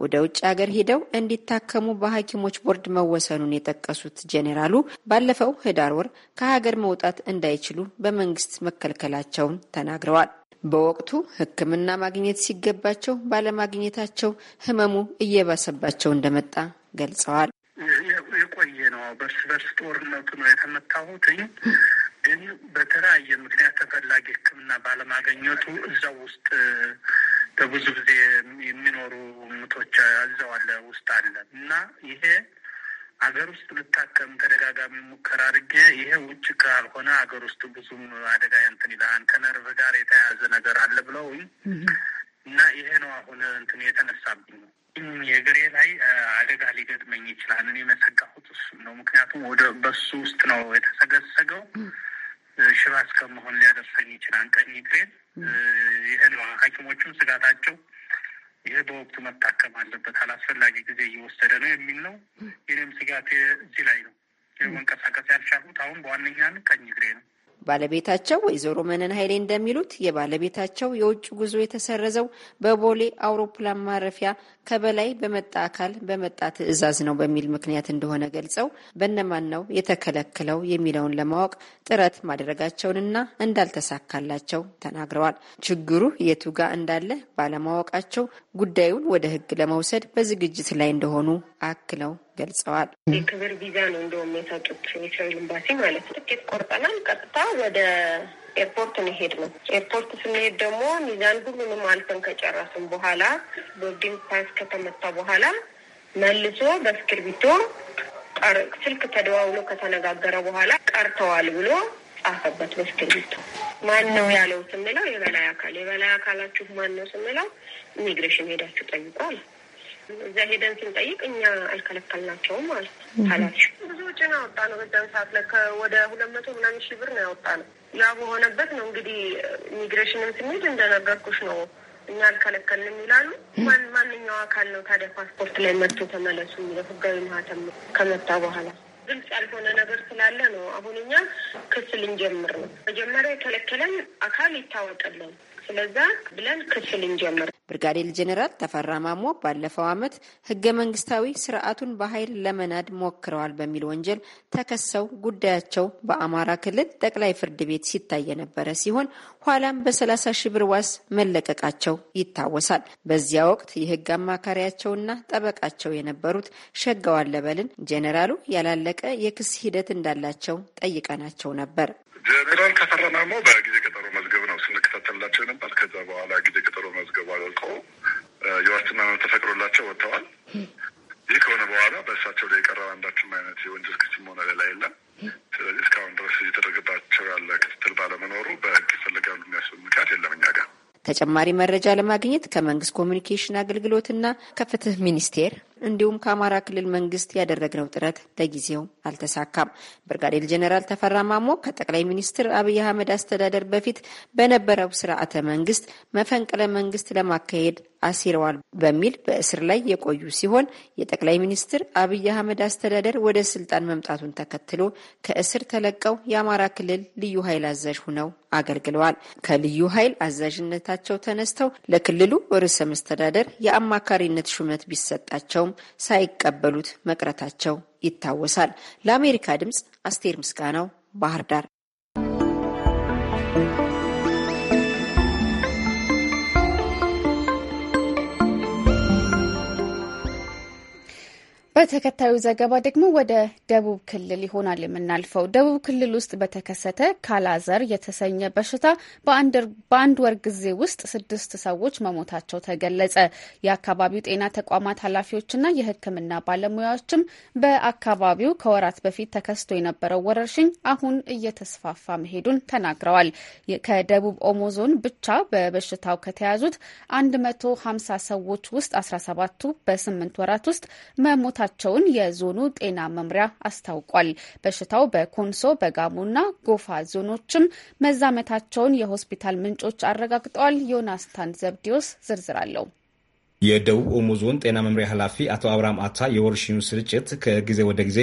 Speaker 10: ወደ ውጭ ሀገር ሄደው እንዲታከሙ በሐኪሞች ቦርድ መወሰኑን የጠቀሱት ጄኔራሉ ባለፈው ህዳር ወር ከሀገር መውጣት እንዳይችሉ በመንግስት መከልከላቸውን ተናግረዋል። በወቅቱ ሕክምና ማግኘት ሲገባቸው ባለማግኘታቸው ህመሙ እየባሰባቸው እንደመጣ ገልጸዋል።
Speaker 5: የቆየ ነው።
Speaker 6: በርስ በርስ ጦርነቱ ነው የተመታሁትኝ። ግን በተለያየ ምክንያት ተፈላጊ
Speaker 7: ሕክምና ባለማግኘቱ እዛው ውስጥ በብዙ ጊዜ የሚኖሩ
Speaker 6: ምቶች እዛው አለ ውስጥ አለ እና ይሄ አገር ውስጥ ልታከም ተደጋጋሚ ሙከራ አድርጌ ይሄ ውጭ ካልሆነ አገር ውስጥ ብዙም አደጋ እንትን ይልሃል ከነርቭ ጋር የተያያዘ ነገር አለ ብለውኝ እና ይሄ ነው አሁን እንትን የተነሳብኝ ነው። የእግሬ ላይ አደጋ ሊገጥመኝ ይችላል። እኔ የመሰጋሁት እሱ ነው። ምክንያቱም ወደ በሱ ውስጥ ነው የተሰገሰገው። ሽባ እስከመሆን ሊያደርሰኝ ይችላል ቀኝ እግሬን። ይሄ ነው ሐኪሞቹም ስጋታቸው ይሄ በወቅቱ መታከም አለበት፣ አላስፈላጊ ጊዜ እየወሰደ ነው የሚል ነው። የኔም ስጋቴ እዚህ ላይ ነው። መንቀሳቀስ ያልቻሉት
Speaker 10: አሁን በዋነኛነት ቀኝ እግሬ ነው። ባለቤታቸው ወይዘሮ መነን ኃይሌ እንደሚሉት የባለቤታቸው የውጭ ጉዞ የተሰረዘው በቦሌ አውሮፕላን ማረፊያ ከበላይ በመጣ አካል በመጣ ትዕዛዝ ነው በሚል ምክንያት እንደሆነ ገልጸው በነማን ነው የተከለከለው የሚለውን ለማወቅ ጥረት ማድረጋቸውንና እንዳልተሳካላቸው ተናግረዋል። ችግሩ የቱጋ እንዳለ ባለማወቃቸው ጉዳዩን ወደ ሕግ ለመውሰድ በዝግጅት ላይ እንደሆኑ አክለው ገልጸዋል።
Speaker 11: የክብር ቪዛ ነው እንደውም የሰጡት የእስራኤል ኤምባሲ ማለት ትኬት ቆርጠናል። ቀጥታ ወደ ኤርፖርት መሄድ ነው። ኤርፖርት ስንሄድ ደግሞ ሚዛን ሁሉንም አልፈን ከጨረስን በኋላ ቦርዲንግ ፓስ ከተመታ በኋላ መልሶ በእስክርቢቶ ስልክ ተደዋውሎ ከተነጋገረ በኋላ ቀርተዋል ብሎ ጻፈበት በእስክርቢቶ። ማን ነው ያለው ስንለው የበላይ አካል። የበላይ አካላችሁ ማን ነው ስንለው ኢሚግሬሽን ሄዳችሁ ጠይቋል። እዛ ሄደን ስንጠይቅ እኛ አልከለከልናቸውም ማለት ኃላፊ ብዙ ውጭ ነው ያወጣ ነው። በዛን ሰዓት ላይ ወደ ሁለት መቶ ምናምን ሺህ ብር ነው ያወጣ ነው ያ በሆነበት ነው እንግዲህ ኢሚግሬሽንም ስንሄድ እንደነገርኩሽ ነው እኛ አልከለከልንም ይላሉ። ማንኛው አካል ነው ታዲያ ፓስፖርት ላይ መጥቶ ተመለሱ የሚለው ህጋዊ ማህተም ከመጣ በኋላ ግልጽ ያልሆነ ነገር ስላለ ነው። አሁን እኛ ክስ ልንጀምር ነው። መጀመሪያ የከለከለን አካል ይታወቅልን፣ ስለዛ ብለን ክስ ልንጀምር
Speaker 10: ብርጋዴር ጄኔራል ተፈራ ማሞ ባለፈው ዓመት ህገ መንግስታዊ ስርዓቱን በኃይል ለመናድ ሞክረዋል በሚል ወንጀል ተከሰው ጉዳያቸው በአማራ ክልል ጠቅላይ ፍርድ ቤት ሲታይ የነበረ ሲሆን ኋላም በ30 ሺህ ብር ዋስ መለቀቃቸው ይታወሳል። በዚያ ወቅት የህግ አማካሪያቸውና ጠበቃቸው የነበሩት ሸጋው አለበልን ጄኔራሉ ያላለቀ የክስ ሂደት እንዳላቸው ጠይቀናቸው ነበር። ጄኔራል ተፈራ
Speaker 12: ማሞ በጊዜ በኋላ ጊዜ ቀጠሮ መዝገቡ አልቀው የዋስትና መብት ተፈቅዶላቸው ወጥተዋል። ይህ ከሆነ በኋላ በእሳቸው ላይ የቀረበ አንዳችም አይነት የወንጀል ክስም ሆነ ሌላ የለም። ስለዚህ እስካሁን ድረስ እየተደረገባቸው ያለ ክትትል ባለመኖሩ በህግ ይፈልጋሉ
Speaker 10: የሚያስብ ምክንያት የለም እኛ ጋር ተጨማሪ መረጃ ለማግኘት ከመንግስት ኮሚኒኬሽን አገልግሎትና ከፍትህ ሚኒስቴር እንዲሁም ከአማራ ክልል መንግስት ያደረግነው ጥረት ለጊዜው አልተሳካም። ብርጋዴር ጀኔራል ተፈራ ማሞ ከጠቅላይ ሚኒስትር አብይ አህመድ አስተዳደር በፊት በነበረው ስርዓተ መንግስት መፈንቅለ መንግስት ለማካሄድ አሲረዋል በሚል በእስር ላይ የቆዩ ሲሆን የጠቅላይ ሚኒስትር አብይ አህመድ አስተዳደር ወደ ስልጣን መምጣቱን ተከትሎ ከእስር ተለቀው የአማራ ክልል ልዩ ኃይል አዛዥ ሆነው አገልግለዋል። ከልዩ ኃይል አዛዥነታቸው ተነስተው ለክልሉ ርዕሰ መስተዳደር የአማካሪነት ሹመት ቢሰጣቸው አቤቱታውም ሳይቀበሉት መቅረታቸው ይታወሳል። ለአሜሪካ ድምጽ አስቴር ምስጋናው ባህር ዳር
Speaker 1: በተከታዩ ዘገባ ደግሞ ወደ ደቡብ ክልል ይሆናል የምናልፈው። ደቡብ ክልል ውስጥ በተከሰተ ካላዘር የተሰኘ በሽታ በአንድ ወር ጊዜ ውስጥ ስድስት ሰዎች መሞታቸው ተገለጸ። የአካባቢው ጤና ተቋማት ኃላፊዎችና የሕክምና ባለሙያዎችም በአካባቢው ከወራት በፊት ተከስቶ የነበረው ወረርሽኝ አሁን እየተስፋፋ መሄዱን ተናግረዋል። ከደቡብ ኦሞ ዞን ብቻ በበሽታው ከተያዙት 150 ሰዎች ውስጥ 17ቱ በስምንት ወራት ውስጥ መሞታ መከሰታቸውን የዞኑ ጤና መምሪያ አስታውቋል። በሽታው በኮንሶ በጋሞና ጎፋ ዞኖችም መዛመታቸውን የሆስፒታል ምንጮች አረጋግጠዋል። ዮናስታን ዘብዲዮስ ዝርዝር አለው።
Speaker 13: የደቡብ ኦሞ ዞን ጤና መምሪያ ኃላፊ አቶ አብርሃም አታ የወረርሽኙ ስርጭት ከጊዜ ወደ ጊዜ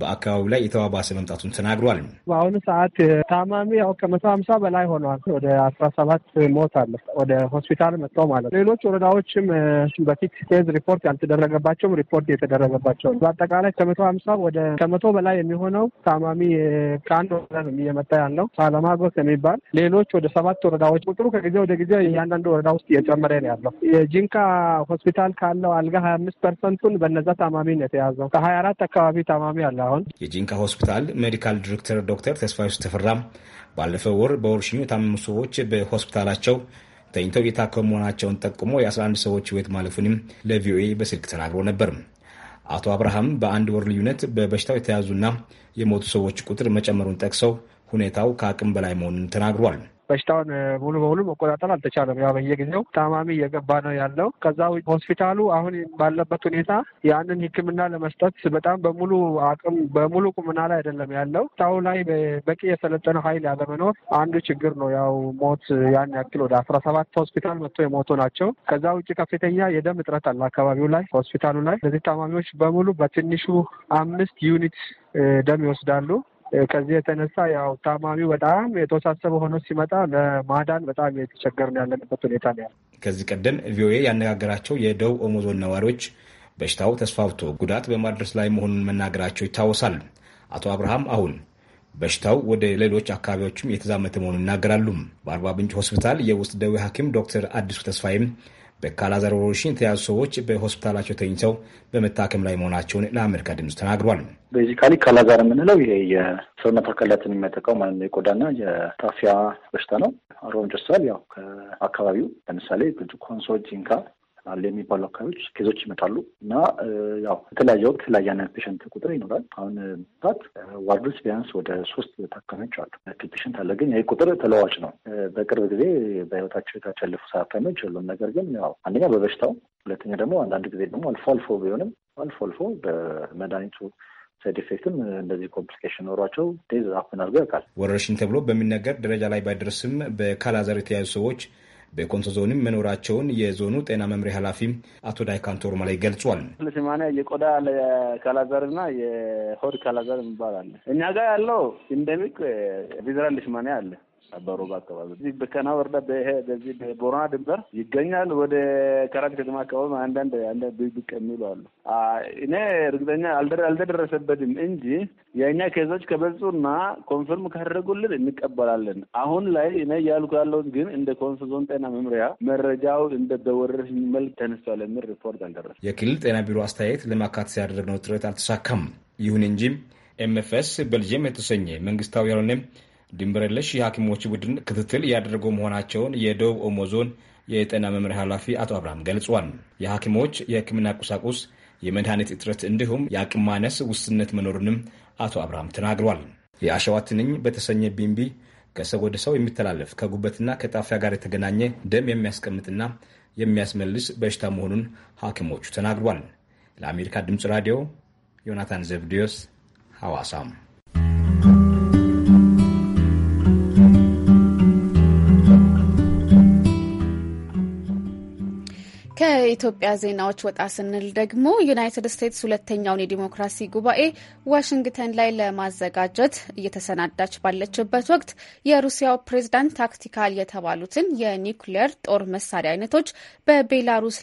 Speaker 13: በአካባቢው ላይ የተባባሰ መምጣቱን ተናግሯል።
Speaker 14: በአሁኑ ሰዓት ታማሚ ያው ከመቶ ሀምሳ በላይ ሆነዋል። ወደ አስራ ሰባት ሞት አለ ወደ ሆስፒታል መጥተው ማለት ሌሎች ወረዳዎችም በፊት ኬዝ ሪፖርት ያልተደረገባቸውም ሪፖርት የተደረገባቸው በአጠቃላይ ከመቶ ሀምሳ ወደ ከመቶ በላይ የሚሆነው ታማሚ ከአንድ ወረዳ ነው እየመጣ ያለው ሳለማጎ የሚባል ሌሎች ወደ ሰባት ወረዳዎች ቁጥሩ ከጊዜ ወደ ጊዜ እያንዳንዱ ወረዳ ውስጥ እየጨመረ ነው ያለው። የጂንካ ሆስፒታል ካለው አልጋ ሀያ አምስት ፐርሰንቱን በነዛ ታማሚ ነው የተያዘው። ከሀያ አራት አካባቢ ታማሚ አለ አሁን
Speaker 13: የጂንካ ሆስፒታል ሜዲካል ዲሬክተር ዶክተር ተስፋዬ ተፈራ ባለፈው ወር በወረርሽኙ የታመሙ ሰዎች በሆስፒታላቸው ተኝተው የታከሙ መሆናቸውን ጠቁሞ የ11 ሰዎች ሕይወት ማለፉንም ለቪኦኤ በስልክ ተናግሮ ነበር። አቶ አብርሃም በአንድ ወር ልዩነት በበሽታው የተያዙና የሞቱ ሰዎች ቁጥር መጨመሩን ጠቅሰው ሁኔታው ከአቅም በላይ መሆኑን ተናግሯል። በሽታውን
Speaker 14: ሙሉ በሙሉ መቆጣጠር አልተቻለም። ያው በየጊዜው ታማሚ
Speaker 13: እየገባ ነው ያለው። ከዛ ሆስፒታሉ
Speaker 14: አሁን ባለበት ሁኔታ ያንን ሕክምና ለመስጠት በጣም በሙሉ አቅም በሙሉ ቁምና ላይ አይደለም ያለው። ታው ላይ በቂ የሰለጠነ ኃይል ያለመኖር አንዱ ችግር ነው። ያው ሞት ያን ያክል ወደ አስራ ሰባት ሆስፒታል መጥቶ የሞቱ ናቸው። ከዛ ውጭ ከፍተኛ የደም እጥረት አለ አካባቢው ላይ ሆስፒታሉ ላይ። እነዚህ ታማሚዎች በሙሉ በትንሹ አምስት ዩኒት ደም ይወስዳሉ። ከዚህ የተነሳ ያው ታማሚው በጣም የተወሳሰበ ሆኖ ሲመጣ ለማዳን በጣም የተቸገርን ያለንበት ሁኔታ ነው ያለ።
Speaker 13: ከዚህ ቀደም ቪኦኤ ያነጋገራቸው የደቡብ ኦሞ ዞን ነዋሪዎች በሽታው ተስፋፍቶ ጉዳት በማድረስ ላይ መሆኑን መናገራቸው ይታወሳል። አቶ አብርሃም አሁን በሽታው ወደ ሌሎች አካባቢዎችም የተዛመተ መሆኑን ይናገራሉ። በአርባ ምንጭ ሆስፒታል የውስጥ ደዌ ሐኪም ዶክተር አዲሱ ተስፋይም በካላዛር ወረርሽኝ የተያዙ ሰዎች በሆስፒታላቸው ተኝተው በመታከም ላይ መሆናቸውን ለአሜሪካ ድምፅ ተናግሯል።
Speaker 6: ቤዚካሊ ካላዛር የምንለው ይሄ የሰውነት አካላትን የሚያጠቃው ማለት ነው። የቆዳና የጣፊያ በሽታ ነው።
Speaker 7: አሮም ደርሷል። ያው ከአካባቢው ለምሳሌ ኮንሶ፣ ጂንካ አለ የሚባሉ አካባቢዎች ኬዞች ይመጣሉ እና ያው በተለያየ ወቅት ላይ ያነ ፔሽንት ቁጥር ይኖራል። አሁን ታት
Speaker 4: ዋርድ ውስጥ ቢያንስ ወደ ሶስት ታካሚዎች አሉ። ያክል ፔሽንት አለ፣ ግን ይህ ቁጥር ተለዋጭ ነው። በቅርብ ጊዜ በህይወታቸው የታጨለፉ ታካሚዎች የሉም። ነገር ግን ያው አንደኛ በበሽታው ሁለተኛ ደግሞ አንዳንድ ጊዜ ደግሞ አልፎ አልፎ ቢሆንም አልፎ አልፎ በመድኃኒቱ ሳይድ ኢፌክትም እንደዚህ
Speaker 13: ኮምፕሊኬሽን ኖሯቸው ዴዝ አፕን አድርገው ያውቃል። ወረርሽኝ ተብሎ በሚነገር ደረጃ ላይ ባይደርስም በካላዘር የተያዙ ሰዎች በኮንሶ ዞንም መኖራቸውን የዞኑ ጤና መምሪያ ኃላፊ አቶ ዳይካንቶር ማላይ ገልጿል።
Speaker 5: ለሽማኔ የቆዳ ካላዘር ካላዛርና የሆድ ካላዛር ይባላል። እኛ ጋር ያለው ኢንደሚክ ቪዘራል ሽማኔ አለ በሮብ አካባቢ በከና ወረዳ በይሄ በዚህ በቦረና ድንበር ይገኛል። ወደ ከራት ከተማ አካባቢ አንዳንድ አንድ ብቅ የሚሉ አሉ። እኔ እርግጠኛ አልተደረሰበትም እንጂ የእኛ ኬዞች ከበዙና ኮንፈርም ካደረጉልን እንቀበላለን። አሁን ላይ እኔ እያልኩ ያለሁት ግን እንደ ኮንፍ ዞን ጤና መምሪያ መረጃው እንደ በወረርሽኝ መልክ ተነሷል የሚል ሪፖርት
Speaker 13: አልደረሰም። የክልል ጤና ቢሮ አስተያየት ለማካተት ያደረግነው ጥረት አልተሳካም። ይሁን እንጂ ኤምኤፍኤስ ቤልጅየም የተሰኘ መንግስታዊ ያልሆነ ድንበር የለሽ የሐኪሞች ቡድን ክትትል እያደረጉ መሆናቸውን የደቡብ ኦሞ ዞን የጤና መምሪያ ኃላፊ አቶ አብርሃም ገልጿል። የሐኪሞች የሕክምና ቁሳቁስ፣ የመድኃኒት እጥረት እንዲሁም የአቅም ማነስ ውስንነት መኖሩንም አቶ አብርሃም ተናግሯል። የአሸዋ ትንኝ በተሰኘ ቢንቢ ከሰው ወደ ሰው የሚተላለፍ ከጉበትና ከጣፊያ ጋር የተገናኘ ደም የሚያስቀምጥና የሚያስመልስ በሽታ መሆኑን ሐኪሞቹ ተናግሯል። ለአሜሪካ ድምፅ ራዲዮ ዮናታን ዘብዲዮስ ሐዋሳም
Speaker 1: ከኢትዮጵያ ዜናዎች ወጣ ስንል ደግሞ ዩናይትድ ስቴትስ ሁለተኛውን የዲሞክራሲ ጉባኤ ዋሽንግተን ላይ ለማዘጋጀት እየተሰናዳች ባለችበት ወቅት የሩሲያው ፕሬዝዳንት ታክቲካል የተባሉትን የኒውክሌር ጦር መሳሪያ አይነቶች በቤላሩስ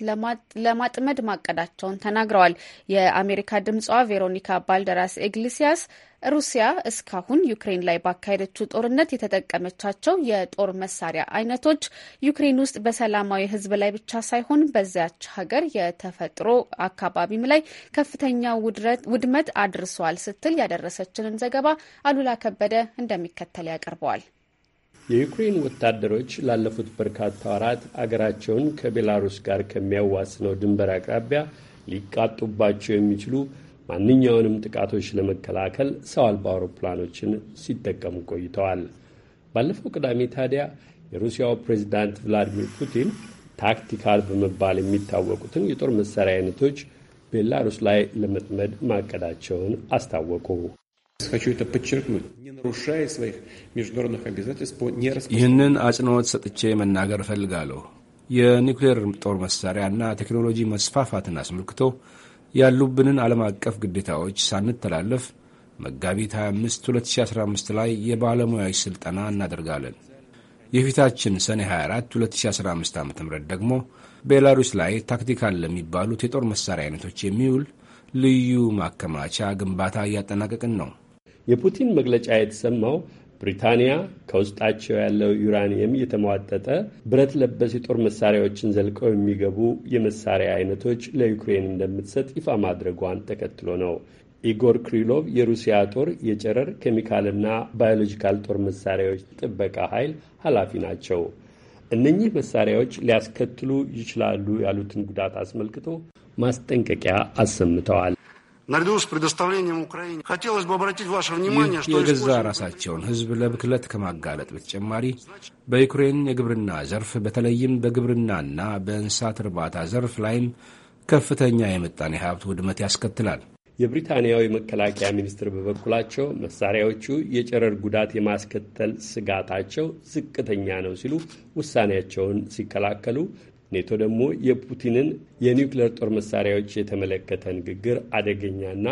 Speaker 1: ለማጥመድ ማቀዳቸውን ተናግረዋል። የአሜሪካ ድምጿ ቬሮኒካ ባልደራስ ኤግሊሲያስ ሩሲያ እስካሁን ዩክሬን ላይ ባካሄደችው ጦርነት የተጠቀመቻቸው የጦር መሳሪያ አይነቶች ዩክሬን ውስጥ በሰላማዊ ሕዝብ ላይ ብቻ ሳይሆን በዚያች ሀገር የተፈጥሮ አካባቢም ላይ ከፍተኛ ውድመት አድርሰዋል ስትል ያደረሰችንን ዘገባ አሉላ ከበደ እንደሚከተል ያቀርበዋል።
Speaker 15: የዩክሬን ወታደሮች ላለፉት በርካታ ወራት አገራቸውን ከቤላሩስ ጋር ከሚያዋስነው ድንበር አቅራቢያ ሊቃጡባቸው የሚችሉ ማንኛውንም ጥቃቶች ለመከላከል ሰው አልባ አውሮፕላኖችን ሲጠቀሙ ቆይተዋል። ባለፈው ቅዳሜ ታዲያ የሩሲያው ፕሬዚዳንት ቭላዲሚር ፑቲን ታክቲካል በመባል የሚታወቁትን የጦር መሳሪያ አይነቶች ቤላሩስ ላይ ለመጥመድ ማቀዳቸውን አስታወቁ።
Speaker 16: ይህንን አጽንኦት ሰጥቼ መናገር እፈልጋለሁ። የኒውክሌር ጦር መሳሪያና ቴክኖሎጂ መስፋፋትን አስመልክቶ ያሉብንን ዓለም አቀፍ ግዴታዎች ሳንተላለፍ መጋቢት 25 2015 ላይ የባለሙያዎች ሥልጠና እናደርጋለን። የፊታችን ሰኔ 24 2015 ዓ ም ደግሞ ቤላሩስ ላይ ታክቲካል ለሚባሉት የጦር መሳሪያ አይነቶች የሚውል ልዩ ማከማቻ ግንባታ እያጠናቀቅን ነው።
Speaker 15: የፑቲን መግለጫ የተሰማው ብሪታንያ ከውስጣቸው ያለው ዩራኒየም የተሟጠጠ ብረት ለበስ የጦር መሳሪያዎችን ዘልቀው የሚገቡ የመሳሪያ አይነቶች ለዩክሬን እንደምትሰጥ ይፋ ማድረጓን ተከትሎ ነው። ኢጎር ክሪሎቭ የሩሲያ ጦር የጨረር ኬሚካልና ባዮሎጂካል ጦር መሳሪያዎች ጥበቃ ኃይል ኃላፊ ናቸው። እነኚህ መሳሪያዎች ሊያስከትሉ ይችላሉ ያሉትን ጉዳት አስመልክቶ ማስጠንቀቂያ አሰምተዋል።
Speaker 7: ይህ የገዛ
Speaker 16: ራሳቸውን ህዝብ ለብክለት ከማጋለጥ በተጨማሪ በዩክሬን የግብርና ዘርፍ በተለይም በግብርናና በእንስሳት እርባታ ዘርፍ ላይም ከፍተኛ የምጣኔ ሀብት ውድመት ያስከትላል።
Speaker 15: የብሪታንያው የመከላከያ ሚኒስትር በበኩላቸው መሳሪያዎቹ የጨረር ጉዳት የማስከተል ስጋታቸው ዝቅተኛ ነው ሲሉ ውሳኔያቸውን ሲከላከሉ ኔቶ ደግሞ የፑቲንን የኒውክሌር ጦር መሳሪያዎች የተመለከተ ንግግር አደገኛና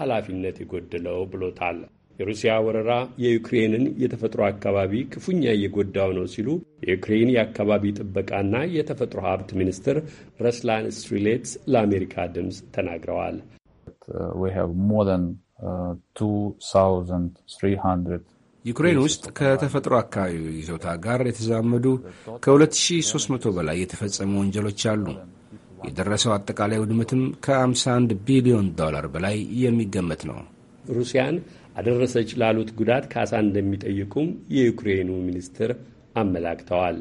Speaker 15: ኃላፊነት የጎደለው ብሎታል። የሩሲያ ወረራ የዩክሬንን የተፈጥሮ አካባቢ ክፉኛ እየጎዳው ነው ሲሉ የዩክሬን የአካባቢ ጥበቃና የተፈጥሮ ሀብት ሚኒስትር ረስላን ስትሪሌትስ ለአሜሪካ ድምፅ ተናግረዋል።
Speaker 16: ዩክሬን ውስጥ ከተፈጥሮ አካባቢ ይዞታ ጋር የተዛመዱ ከ2300 በላይ የተፈጸሙ ወንጀሎች አሉ። የደረሰው አጠቃላይ ውድመትም ከ51 ቢሊዮን ዶላር በላይ የሚገመት ነው። ሩሲያን
Speaker 15: አደረሰች ላሉት ጉዳት ካሳ እንደሚጠይቁም የዩክሬኑ ሚኒስትር አመላክተዋል።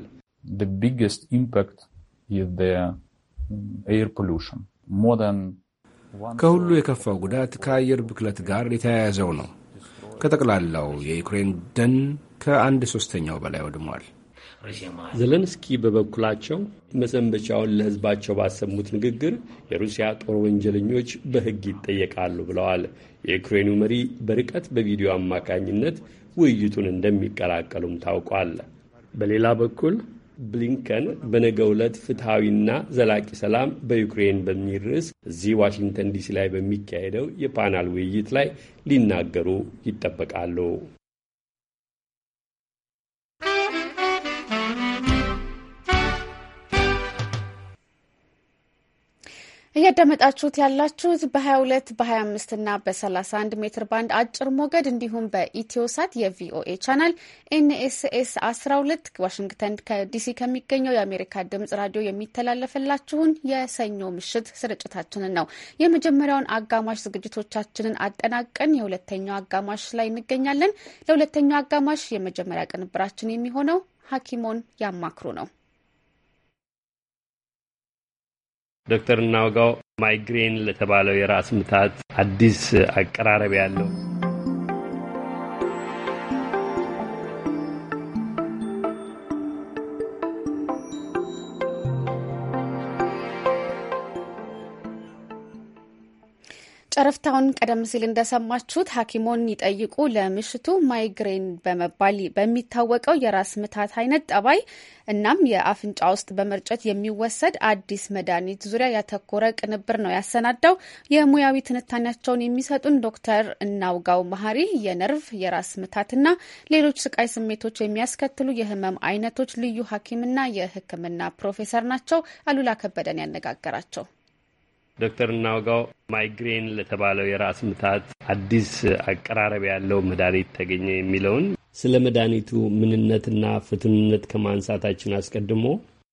Speaker 16: uh, ከሁሉ የከፋው ጉዳት ከአየር ብክለት ጋር የተያያዘው ነው። ከጠቅላላው የዩክሬን ደን ከአንድ ሶስተኛው በላይ ወድሟል።
Speaker 15: ዘለንስኪ በበኩላቸው መሰንበቻውን ለሕዝባቸው ባሰሙት ንግግር የሩሲያ ጦር ወንጀለኞች በሕግ ይጠየቃሉ ብለዋል። የዩክሬኑ መሪ በርቀት በቪዲዮ አማካኝነት ውይይቱን እንደሚቀላቀሉም ታውቋል። በሌላ በኩል ብሊንከን በነገ ዕለት ፍትሐዊና ዘላቂ ሰላም በዩክሬን በሚል ርዕስ እዚህ ዋሽንግተን ዲሲ ላይ በሚካሄደው የፓናል ውይይት ላይ ሊናገሩ ይጠበቃሉ።
Speaker 1: እያዳመጣችሁት ያላችሁት በ22 በ25 እና በ31 ሜትር ባንድ አጭር ሞገድ እንዲሁም በኢትዮሳት የቪኦኤ ቻናል ኤንኤስኤስ 12 ዋሽንግተን ከዲሲ ከሚገኘው የአሜሪካ ድምጽ ራዲዮ የሚተላለፍላችሁን የሰኞ ምሽት ስርጭታችንን ነው። የመጀመሪያውን አጋማሽ ዝግጅቶቻችንን አጠናቀን የሁለተኛው አጋማሽ ላይ እንገኛለን። ለሁለተኛው አጋማሽ የመጀመሪያ ቅንብራችን የሚሆነው ሐኪሞን ያማክሩ ነው።
Speaker 15: ዶክተር እናውጋው ማይግሬን ለተባለው የራስ ምታት አዲስ አቀራረብ ያለው
Speaker 1: ጨረፍታውን ቀደም ሲል እንደሰማችሁት ሐኪሞን ይጠይቁ ለምሽቱ ማይግሬን በመባል በሚታወቀው የራስ ምታት አይነት ጠባይ እናም የአፍንጫ ውስጥ በመርጨት የሚወሰድ አዲስ መድኃኒት ዙሪያ ያተኮረ ቅንብር ነው ያሰናዳው። የሙያዊ ትንታኔያቸውን የሚሰጡን ዶክተር እናውጋው መሀሪ የነርቭ የራስ ምታትና ሌሎች ስቃይ ስሜቶች የሚያስከትሉ የህመም አይነቶች ልዩ ሐኪምና የህክምና ፕሮፌሰር ናቸው። አሉላ ከበደን ያነጋገራቸው
Speaker 15: ዶክተር እናውጋው ማይግሬን ለተባለው የራስ ምታት አዲስ አቀራረብ ያለው መድኃኒት ተገኘ የሚለውን ስለ መድኃኒቱ ምንነትና ፍቱንነት ከማንሳታችን አስቀድሞ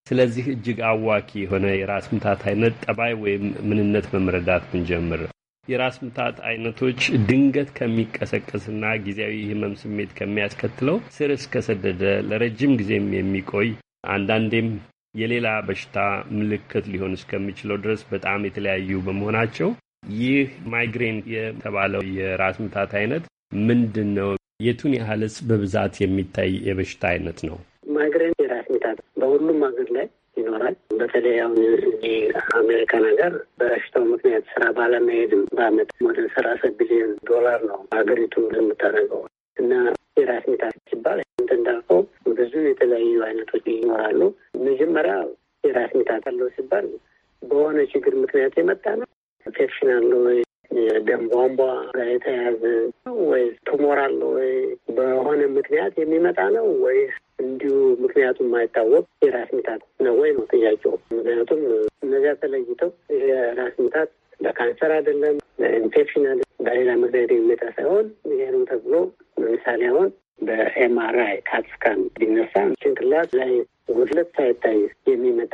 Speaker 15: ስለዚህ እጅግ አዋኪ የሆነ የራስ ምታት አይነት ጠባይ ወይም ምንነት መመረዳት ብንጀምር የራስ ምታት አይነቶች ድንገት ከሚቀሰቀስና ጊዜያዊ ህመም ስሜት ከሚያስከትለው ስር እስከሰደደ ለረጅም ጊዜም የሚቆይ አንዳንዴም የሌላ በሽታ ምልክት ሊሆን እስከሚችለው ድረስ በጣም የተለያዩ በመሆናቸው ይህ ማይግሬን የተባለው የራስ ምታት አይነት ምንድን ነው? የቱን ያህልስ በብዛት የሚታይ የበሽታ አይነት ነው?
Speaker 4: ማይግሬን የራስ ምታት በሁሉም ሀገር ላይ ይኖራል። በተለይ አሁን እዚህ አሜሪካን ሀገር በበሽታው ምክንያት ስራ ባለመሄድም በአመት ወደ ሰላሳ ቢሊዮን ዶላር ነው ሀገሪቱ የምታደርገው እና የራስ ምታት ሲባል እንዳልከው ብዙ የተለያዩ አይነቶች ይኖራሉ። መጀመሪያ የራስ ምታት አለው ሲባል በሆነ ችግር ምክንያት የመጣ ነው ኢንፌክሽን አለ ወይ የደም ቧንቧ ጋር የተያያዘ ወይ ቱሞር አለ ወይ በሆነ ምክንያት የሚመጣ ነው ወይ እንዲሁ ምክንያቱ የማይታወቅ የራስ ምታት ነው ወይ ነው ጥያቄው። ምክንያቱም እነዚያ ተለይተው የራስ ምታት ለካንሰር አይደለም፣ ለኢንፌክሽን አይደለም፣ በሌላ ምክንያት የሚመጣ ሳይሆን ይሄ ነው ተብሎ ለምሳሌ አሁን በኤምአርአይ ካትስካን ቢነሳ ጭንቅላት ላይ ጉድለት ሳይታይ የሚመጣ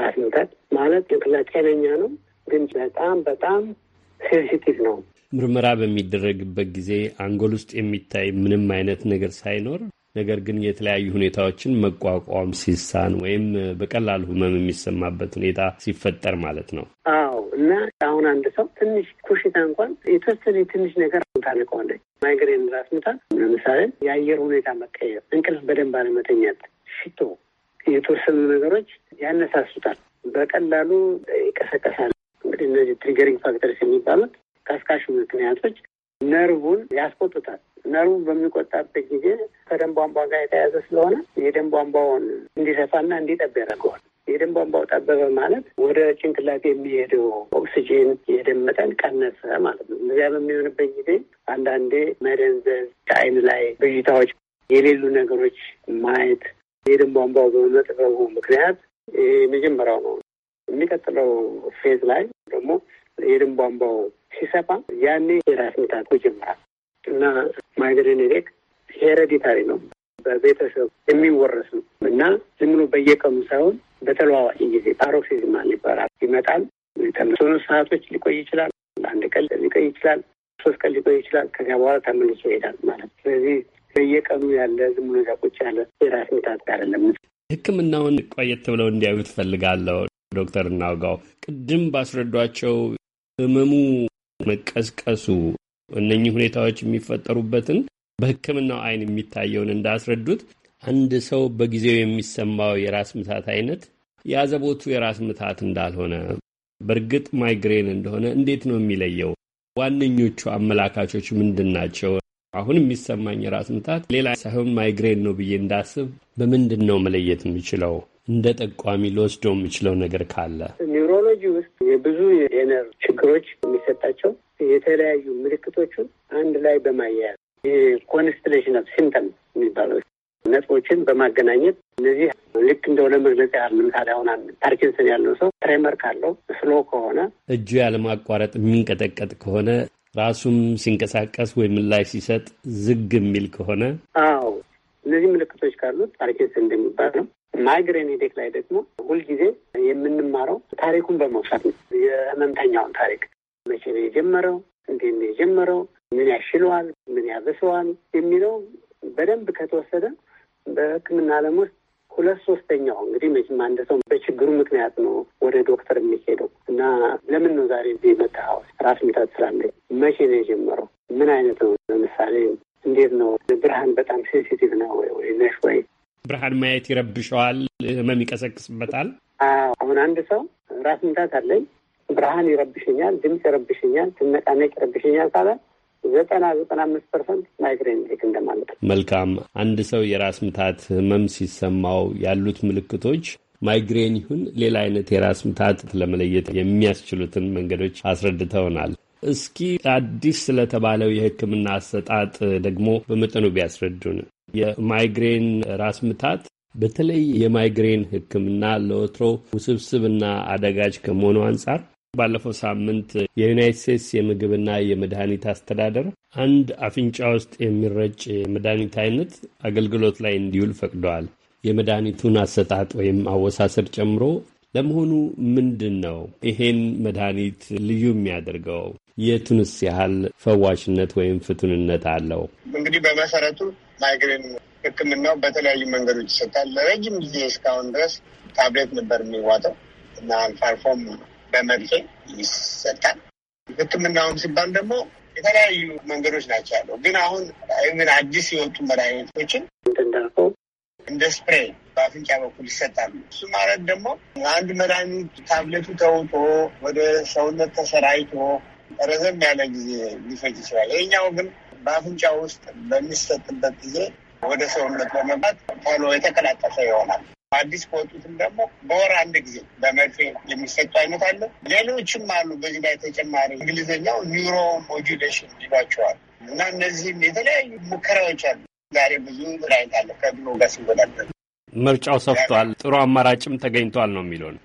Speaker 4: ራስ ምታት ማለት ጭንቅላት ጤነኛ ነው፣ ግን በጣም በጣም ሴንሲቲቭ ነው።
Speaker 15: ምርመራ በሚደረግበት ጊዜ አንጎል ውስጥ የሚታይ ምንም አይነት ነገር ሳይኖር ነገር ግን የተለያዩ ሁኔታዎችን መቋቋም ሲሳን ወይም በቀላሉ ህመም የሚሰማበት ሁኔታ ሲፈጠር ማለት ነው።
Speaker 4: አዎ እና አሁን አንድ ሰው ትንሽ ኩሽታ እንኳን የተወሰነ ትንሽ ነገር ታልቀዋለች። ማይግሬን ራስ ምታት፣ ለምሳሌ የአየር ሁኔታ መቀየር፣ እንቅልፍ በደንብ አለመተኛት፣ ሽቶ፣ የተወሰኑ ነገሮች ያነሳሱታል፣ በቀላሉ ይቀሰቀሳል። እንግዲህ እነዚህ ትሪገሪንግ ፋክተርስ የሚባሉት ቀስቃሽ ምክንያቶች ነርቡን ያስቆጡታል። ነሩ በሚቆጣበት ጊዜ ከደም ቧንቧ ጋር የተያዘ ስለሆነ የደም ቧንቧውን እንዲሰፋና እንዲጠብ ያደርገዋል። የደም ቧንቧው ጠበበ ማለት ወደ ጭንቅላት የሚሄደው ኦክሲጂን የደም መጠን ቀነሰ ማለት ነው። እዚያ በሚሆንበት ጊዜ አንዳንዴ መደንዘዝ፣ ከአይን ላይ ብዥታዎች፣ የሌሉ ነገሮች ማየት የደም ቧንቧው በመጥበቡ ምክንያት የመጀመሪያው ነው። የሚቀጥለው ፌዝ ላይ ደግሞ የደም ቧንቧው ሲሰፋ ያኔ የራስ ምታት ይጀምራል። እና ማይግሬን ሄዴክ ሄረዲታሪ ነው፣ በቤተሰብ የሚወረስ ነው እና ዝም ብሎ በየቀኑ ሳይሆን በተለዋዋጭ ጊዜ ፓሮክሲዝማን ይባላል። ይመጣል። የተወሰኑ ሰዓቶች ሊቆይ ይችላል። አንድ ቀን ሊቆይ ይችላል። ሶስት ቀን ሊቆይ ይችላል። ከዚያ በኋላ ተመልሶ ይሄዳል ማለት ስለዚህ በየቀኑ ያለ ዝም ብሎ ቁጭ ያለ የራስ ምታት አይደለም።
Speaker 15: ሕክምናውን ቆየት ብለው እንዲያዩ ትፈልጋለሁ። ዶክተር እናውጋው ቅድም ባስረዷቸው ህመሙ መቀስቀሱ እነኚህ ሁኔታዎች የሚፈጠሩበትን በሕክምናው አይን የሚታየውን እንዳስረዱት አንድ ሰው በጊዜው የሚሰማው የራስ ምታት አይነት የአዘቦቱ የራስ ምታት እንዳልሆነ በእርግጥ ማይግሬን እንደሆነ እንዴት ነው የሚለየው? ዋነኞቹ አመላካቾች ምንድን ናቸው? አሁን የሚሰማኝ የራስ ምታት ሌላ ሳይሆን ማይግሬን ነው ብዬ እንዳስብ በምንድን ነው መለየት የሚችለው? እንደ ጠቋሚ ልወስዶ የምችለው ነገር ካለ
Speaker 4: ኒውሮሎጂ ውስጥ የብዙ የነርቭ ችግሮች የሚሰጣቸው የተለያዩ ምልክቶችን አንድ ላይ በማያያዝ የኮንስትሌሽን ኦፍ ሲምተም የሚባለው ነጥቦችን በማገናኘት እነዚህ ልክ እንደሆነ መግለጽ ያህል ለምሳሌ አሁን ፓርኪንሰን ያለው ሰው ትሬመር ካለው ስሎ ከሆነ
Speaker 15: እጁ ያለማቋረጥ የሚንቀጠቀጥ ከሆነ ራሱም ሲንቀሳቀስ ወይ ምላሽ ሲሰጥ ዝግ የሚል ከሆነ
Speaker 4: አዎ እነዚህ ምልክቶች ካሉት ፓርኪንሰን እንደሚባል ነው። ማይግሬን ሄዴክ ላይ ደግሞ ሁልጊዜ የምንማረው ታሪኩን በመውሳት ነው። የህመምተኛውን ታሪክ መቼ ነው የጀመረው፣ እንዴ ነው የጀመረው፣ ምን ያሽለዋል፣ ምን ያበሰዋል የሚለው በደንብ ከተወሰደ በህክምና ዓለም ውስጥ ሁለት ሶስተኛው እንግዲህ መቼም አንድ ሰው በችግሩ ምክንያት ነው ወደ ዶክተር የሚሄደው እና ለምን ነው ዛሬ እዚህ መጣኸው? ራስ ምታት ስላለ መቼ ነው የጀመረው? ምን አይነት ነው? ለምሳሌ እንዴት ነው ብርሃን በጣም ሴንሲቲቭ ነው ወይ ወይ ነሽ ወይ
Speaker 15: ብርሃን ማየት ይረብሸዋል፣ ህመም ይቀሰቅስበታል።
Speaker 4: አሁን አንድ ሰው ራስ ምታት አለኝ፣ ብርሃን ይረብሽኛል ድምፅ ይረብሽኛል፣ ትነቃነቅ ይረብሽኛል ካለ ዘጠና ዘጠና አምስት ፐርሰንት ማይግሬን ሄክ እንደማለት ነው።
Speaker 15: መልካም። አንድ ሰው የራስ ምታት ህመም ሲሰማው ያሉት ምልክቶች ማይግሬን ይሁን ሌላ አይነት የራስ ምታት ለመለየት የሚያስችሉትን መንገዶች አስረድተውናል። እስኪ አዲስ ስለተባለው የህክምና አሰጣጥ ደግሞ በመጠኑ ቢያስረዱን። የማይግሬን ራስ ምታት በተለይ የማይግሬን ሕክምና ለወትሮ ውስብስብና አደጋጅ ከመሆኑ አንጻር ባለፈው ሳምንት የዩናይት ስቴትስ የምግብና የመድኃኒት አስተዳደር አንድ አፍንጫ ውስጥ የሚረጭ የመድኃኒት አይነት አገልግሎት ላይ እንዲውል ፈቅደዋል። የመድኃኒቱን አሰጣጥ ወይም አወሳሰድ ጨምሮ ለመሆኑ ምንድን ነው ይሄን መድኃኒት ልዩ የሚያደርገው? የቱንስ ያህል ፈዋሽነት ወይም ፍቱንነት አለው?
Speaker 6: እንግዲህ በመሰረቱ ማይግሬን ሕክምናው በተለያዩ መንገዶች ይሰጣል። ለረጅም ጊዜ እስካሁን ድረስ ታብሌት ነበር የሚዋጠው እና አልፎ አልፎም በመርፌ ይሰጣል። ሕክምናውም ሲባል ደግሞ የተለያዩ መንገዶች ናቸው ያለው። ግን አሁን ምን አዲስ የወጡ መድኃኒቶችን እንደ ስፕሬ በአፍንጫ በኩል ይሰጣሉ። እሱ ማለት ደግሞ አንድ መድኃኒት ታብሌቱ ተውጦ ወደ ሰውነት ተሰራይቶ ረዘም ያለ ጊዜ ሊፈጅ ይችላል። ይህኛው ግን በአፍንጫ ውስጥ በሚሰጥበት ጊዜ ወደ ሰውነት በመግባት ቶሎ የተቀላጠፈ ይሆናል። አዲስ ከወጡትም ደግሞ በወር አንድ ጊዜ በመርፌ የሚሰጡ አይነት አለ። ሌሎችም አሉ። በዚህ ላይ ተጨማሪ እንግሊዝኛው ኒውሮ ሞጁሌሽን ይሏቸዋል እና እነዚህም የተለያዩ ሙከራዎች አሉ። ዛሬ ብዙ ላይ አለ ከድሮ ጋር ሲወዳደር
Speaker 15: ምርጫው ሰፍቷል። ጥሩ አማራጭም ተገኝቷል ነው የሚለውን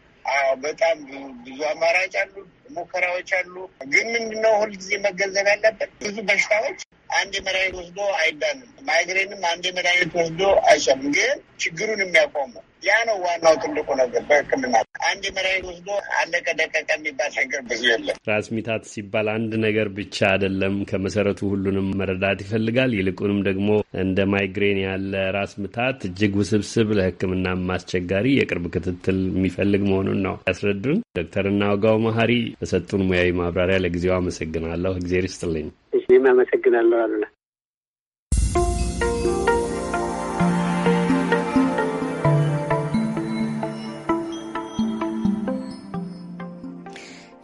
Speaker 15: በጣም ብዙ አማራጭ
Speaker 6: አሉ፣ ሙከራዎች አሉ። ግን ምንድነው ሁልጊዜ መገንዘብ ያለበት ብዙ በሽታዎች አንድ መድኃኒት ወስዶ አይዳንም። ማይግሬንም አንድ መድኃኒት ወስዶ አይሻልም። ግን ችግሩን የሚያቆሙ ያ ነው ዋናው ትልቁ ነገር በሕክምና አንድ መድኃኒት ወስዶ አለቀ ደቀቀ የሚባል ነገር ብዙ
Speaker 15: የለም። ራስ ሚታት ሲባል አንድ ነገር ብቻ አይደለም። ከመሰረቱ ሁሉንም መረዳት ይፈልጋል። ይልቁንም ደግሞ እንደ ማይግሬን ያለ ራስ ምታት እጅግ ውስብስብ፣ ለሕክምና ማስቸጋሪ የቅርብ ክትትል የሚፈልግ መሆኑን ነው ያስረዱን። ዶክተር እናውጋው መሀሪ በሰጡን ሙያዊ ማብራሪያ ለጊዜው አመሰግናለሁ። እግዜር ይስጥልኝ።
Speaker 4: እኔም አመሰግናለሁ አሉላ።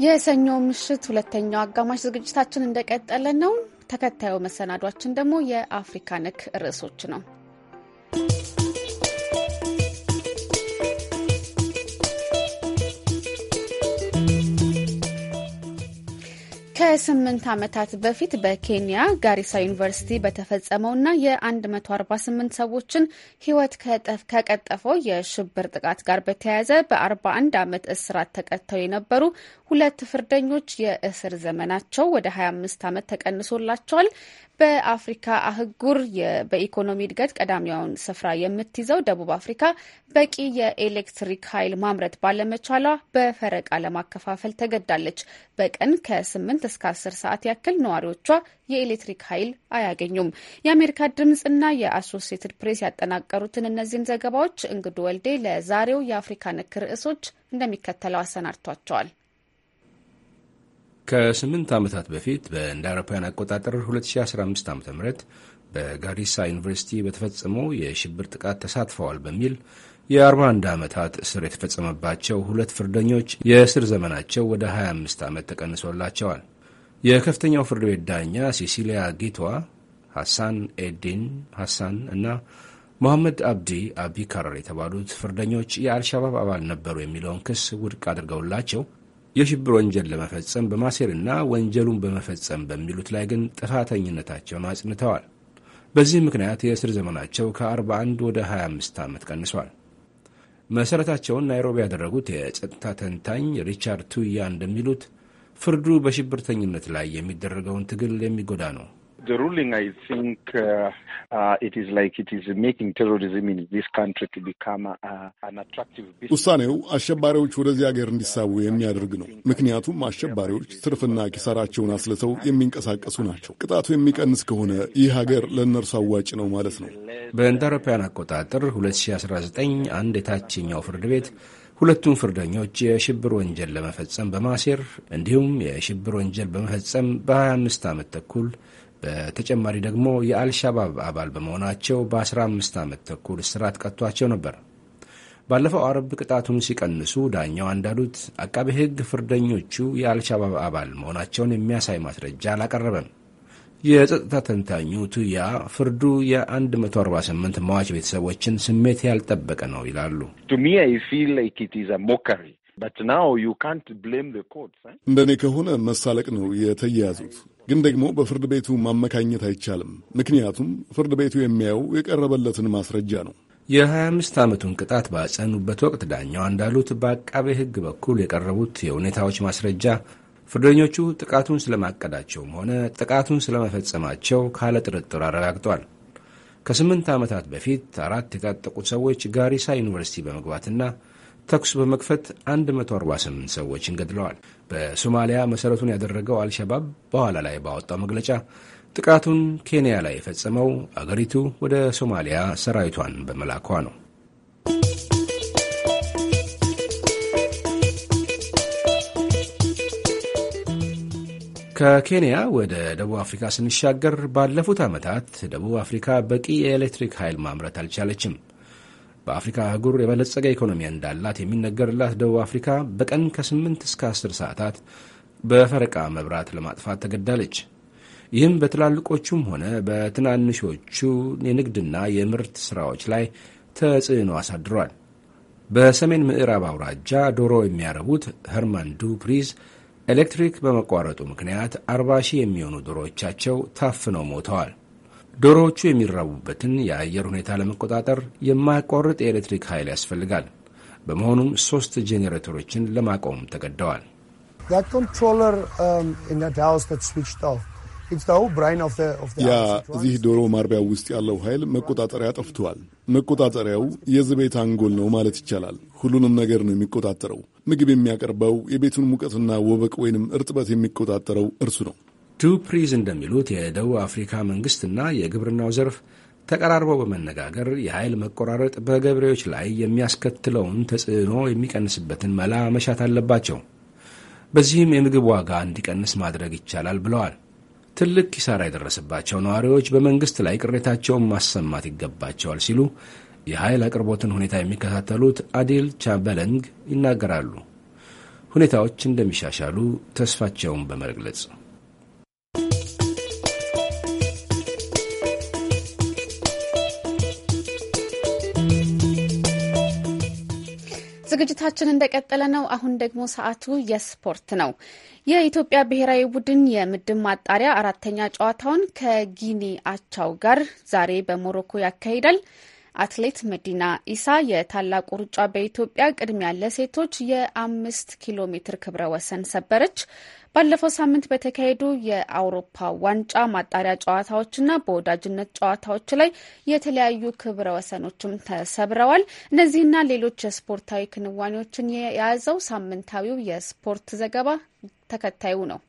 Speaker 1: የሰኞ ምሽት ሁለተኛው አጋማሽ ዝግጅታችን እንደቀጠለ ነው። ተከታዩ መሰናዷችን ደግሞ የአፍሪካ ነክ ርዕሶች ነው። ከስምንት ዓመታት በፊት በኬንያ ጋሪሳ ዩኒቨርሲቲ በተፈጸመውና የ148 ሰዎችን ሕይወት ከቀጠፈው የሽብር ጥቃት ጋር በተያያዘ በ41 ዓመት እስራት ተቀጥተው የነበሩ ሁለት ፍርደኞች የእስር ዘመናቸው ወደ 25 ዓመት ተቀንሶላቸዋል። በአፍሪካ አህጉር በኢኮኖሚ እድገት ቀዳሚውን ስፍራ የምትይዘው ደቡብ አፍሪካ በቂ የኤሌክትሪክ ኃይል ማምረት ባለመቻሏ በፈረቃ ለማከፋፈል ተገዳለች። በቀን ከ8 እስከ 10 ሰዓት ያክል ነዋሪዎቿ የኤሌክትሪክ ኃይል አያገኙም። የአሜሪካ ድምፅና የአሶሲየትድ ፕሬስ ያጠናቀሩትን እነዚህን ዘገባዎች እንግዱ ወልዴ ለዛሬው የአፍሪካ ንክ ርዕሶች እንደሚከተለው አሰናድቷቸዋል።
Speaker 16: ከስምንት ዓመታት በፊት በእንደ አውሮፓውያን አቆጣጠር 2015 ዓ ም በጋሪሳ ዩኒቨርሲቲ በተፈጸመው የሽብር ጥቃት ተሳትፈዋል በሚል የ41 ዓመታት እስር የተፈጸመባቸው ሁለት ፍርደኞች የእስር ዘመናቸው ወደ 25 ዓመት ተቀንሶላቸዋል። የከፍተኛው ፍርድ ቤት ዳኛ ሲሲሊያ ጊቷ ሐሳን ኤዲን ሐሳን እና ሞሐመድ አብዲ አቢካረር የተባሉት ፍርደኞች የአልሻባብ አባል ነበሩ የሚለውን ክስ ውድቅ አድርገውላቸው የሽብር ወንጀል ለመፈጸም በማሴርና ወንጀሉን በመፈጸም በሚሉት ላይ ግን ጥፋተኝነታቸውን አጽንተዋል። በዚህ ምክንያት የእስር ዘመናቸው ከ41 ወደ 25 ዓመት ቀንሷል። መሠረታቸውን ናይሮቢ ያደረጉት የጸጥታ ተንታኝ ሪቻርድ ቱያ እንደሚሉት ፍርዱ በሽብርተኝነት ላይ የሚደረገውን ትግል የሚጎዳ ነው።
Speaker 14: The ruling, I think,
Speaker 13: uh, uh, it is like it is making terrorism in this country to become a, uh, an
Speaker 12: attractive business. ውሳኔው አሸባሪዎች ወደዚህ ሀገር እንዲሳቡ የሚያደርግ ነው። ምክንያቱም አሸባሪዎች ትርፍና ኪሳራቸውን አስልተው የሚንቀሳቀሱ ናቸው። ቅጣቱ የሚቀንስ ከሆነ ይህ ሀገር ለእነርሱ አዋጭ ነው ማለት ነው። በእንደ አውሮፓውያን አቆጣጠር 2019 አንድ የታችኛው
Speaker 16: ፍርድ ቤት ሁለቱም ፍርደኞች የሽብር ወንጀል ለመፈጸም በማሴር እንዲሁም የሽብር ወንጀል በመፈጸም በ25 ዓመት ተኩል በተጨማሪ ደግሞ የአልሻባብ አባል በመሆናቸው በ15 ዓመት ተኩል እስራት ቀጥቷቸው ነበር። ባለፈው አርብ ቅጣቱን ሲቀንሱ ዳኛው እንዳሉት አቃቤ ሕግ ፍርደኞቹ የአልሻባብ አባል መሆናቸውን የሚያሳይ ማስረጃ አላቀረበም። የጸጥታ ተንታኙ ቱያ ፍርዱ የ148 ሟች ቤተሰቦችን ስሜት ያልጠበቀ ነው ይላሉ።
Speaker 12: እንደኔ ከሆነ መሳለቅ ነው የተያያዙት። ግን ደግሞ በፍርድ ቤቱ ማመካኘት አይቻልም። ምክንያቱም ፍርድ ቤቱ የሚያየው የቀረበለትን ማስረጃ ነው።
Speaker 16: የ25 ዓመቱን ቅጣት ባጸኑበት ወቅት ዳኛው እንዳሉት በአቃቤ ሕግ በኩል የቀረቡት የሁኔታዎች ማስረጃ ፍርደኞቹ ጥቃቱን ስለማቀዳቸውም ሆነ ጥቃቱን ስለመፈጸማቸው ካለ ጥርጥር አረጋግጧል። ከስምንት ዓመታት በፊት አራት የታጠቁ ሰዎች ጋሪሳ ዩኒቨርሲቲ በመግባትና ተኩስ በመክፈት 148 ሰዎችን ገድለዋል። በሶማሊያ መሠረቱን ያደረገው አልሸባብ በኋላ ላይ ባወጣው መግለጫ ጥቃቱን ኬንያ ላይ የፈጸመው አገሪቱ ወደ ሶማሊያ ሰራዊቷን በመላኳ ነው። ከኬንያ ወደ ደቡብ አፍሪካ ስንሻገር ባለፉት ዓመታት ደቡብ አፍሪካ በቂ የኤሌክትሪክ ኃይል ማምረት አልቻለችም። በአፍሪካ አህጉር የበለጸገ ኢኮኖሚ እንዳላት የሚነገርላት ደቡብ አፍሪካ በቀን ከ8 እስከ 10 ሰዓታት በፈረቃ መብራት ለማጥፋት ተገዳለች። ይህም በትላልቆቹም ሆነ በትናንሾቹ የንግድና የምርት ሥራዎች ላይ ተጽዕኖ አሳድሯል። በሰሜን ምዕራብ አውራጃ ዶሮ የሚያረቡት ኸርማን ዱ ፕሪዝ ኤሌክትሪክ በመቋረጡ ምክንያት 40 ሺህ የሚሆኑ ዶሮዎቻቸው ታፍነው ሞተዋል። ዶሮዎቹ የሚራቡበትን የአየር ሁኔታ ለመቆጣጠር የማያቋርጥ የኤሌክትሪክ ኃይል ያስፈልጋል። በመሆኑም ሶስት ጄኔሬተሮችን ለማቆም ተገደዋል።
Speaker 7: um,
Speaker 12: ያ እዚህ ዶሮ ማርቢያ ውስጥ ያለው ኃይል መቆጣጠሪያ ጠፍቷል። መቆጣጠሪያው የዝቤት አንጎል ነው ማለት ይቻላል። ሁሉንም ነገር ነው የሚቆጣጠረው። ምግብ የሚያቀርበው፣ የቤቱን ሙቀትና ወበቅ ወይንም እርጥበት የሚቆጣጠረው እርሱ ነው።
Speaker 16: ዱፕሪዝ እንደሚሉት የደቡብ አፍሪካ መንግስትና የግብርናው ዘርፍ ተቀራርበው በመነጋገር የኃይል መቆራረጥ በገበሬዎች ላይ የሚያስከትለውን ተጽዕኖ የሚቀንስበትን መላ መሻት አለባቸው። በዚህም የምግብ ዋጋ እንዲቀንስ ማድረግ ይቻላል ብለዋል። ትልቅ ኪሳራ የደረሰባቸው ነዋሪዎች በመንግስት ላይ ቅሬታቸውን ማሰማት ይገባቸዋል ሲሉ የኃይል አቅርቦትን ሁኔታ የሚከታተሉት አዲል ቻበለንግ ይናገራሉ። ሁኔታዎች እንደሚሻሻሉ ተስፋቸውን በመግለጽ
Speaker 1: ዝግጅታችን እንደቀጠለ ነው። አሁን ደግሞ ሰዓቱ የስፖርት ነው። የኢትዮጵያ ብሔራዊ ቡድን የምድብ ማጣሪያ አራተኛ ጨዋታውን ከጊኒ አቻው ጋር ዛሬ በሞሮኮ ያካሂዳል። አትሌት መዲና ኢሳ የታላቁ ሩጫ በኢትዮጵያ ቅድሚያ ለሴቶች የአምስት ኪሎ ሜትር ክብረ ወሰን ሰበረች። ባለፈው ሳምንት በተካሄዱ የአውሮፓ ዋንጫ ማጣሪያ ጨዋታዎችና በወዳጅነት ጨዋታዎች ላይ የተለያዩ ክብረ ወሰኖችም ተሰብረዋል። እነዚህና ሌሎች የስፖርታዊ ክንዋኔዎችን የያዘው ሳምንታዊው የስፖርት ዘገባ ተከታዩ ነው።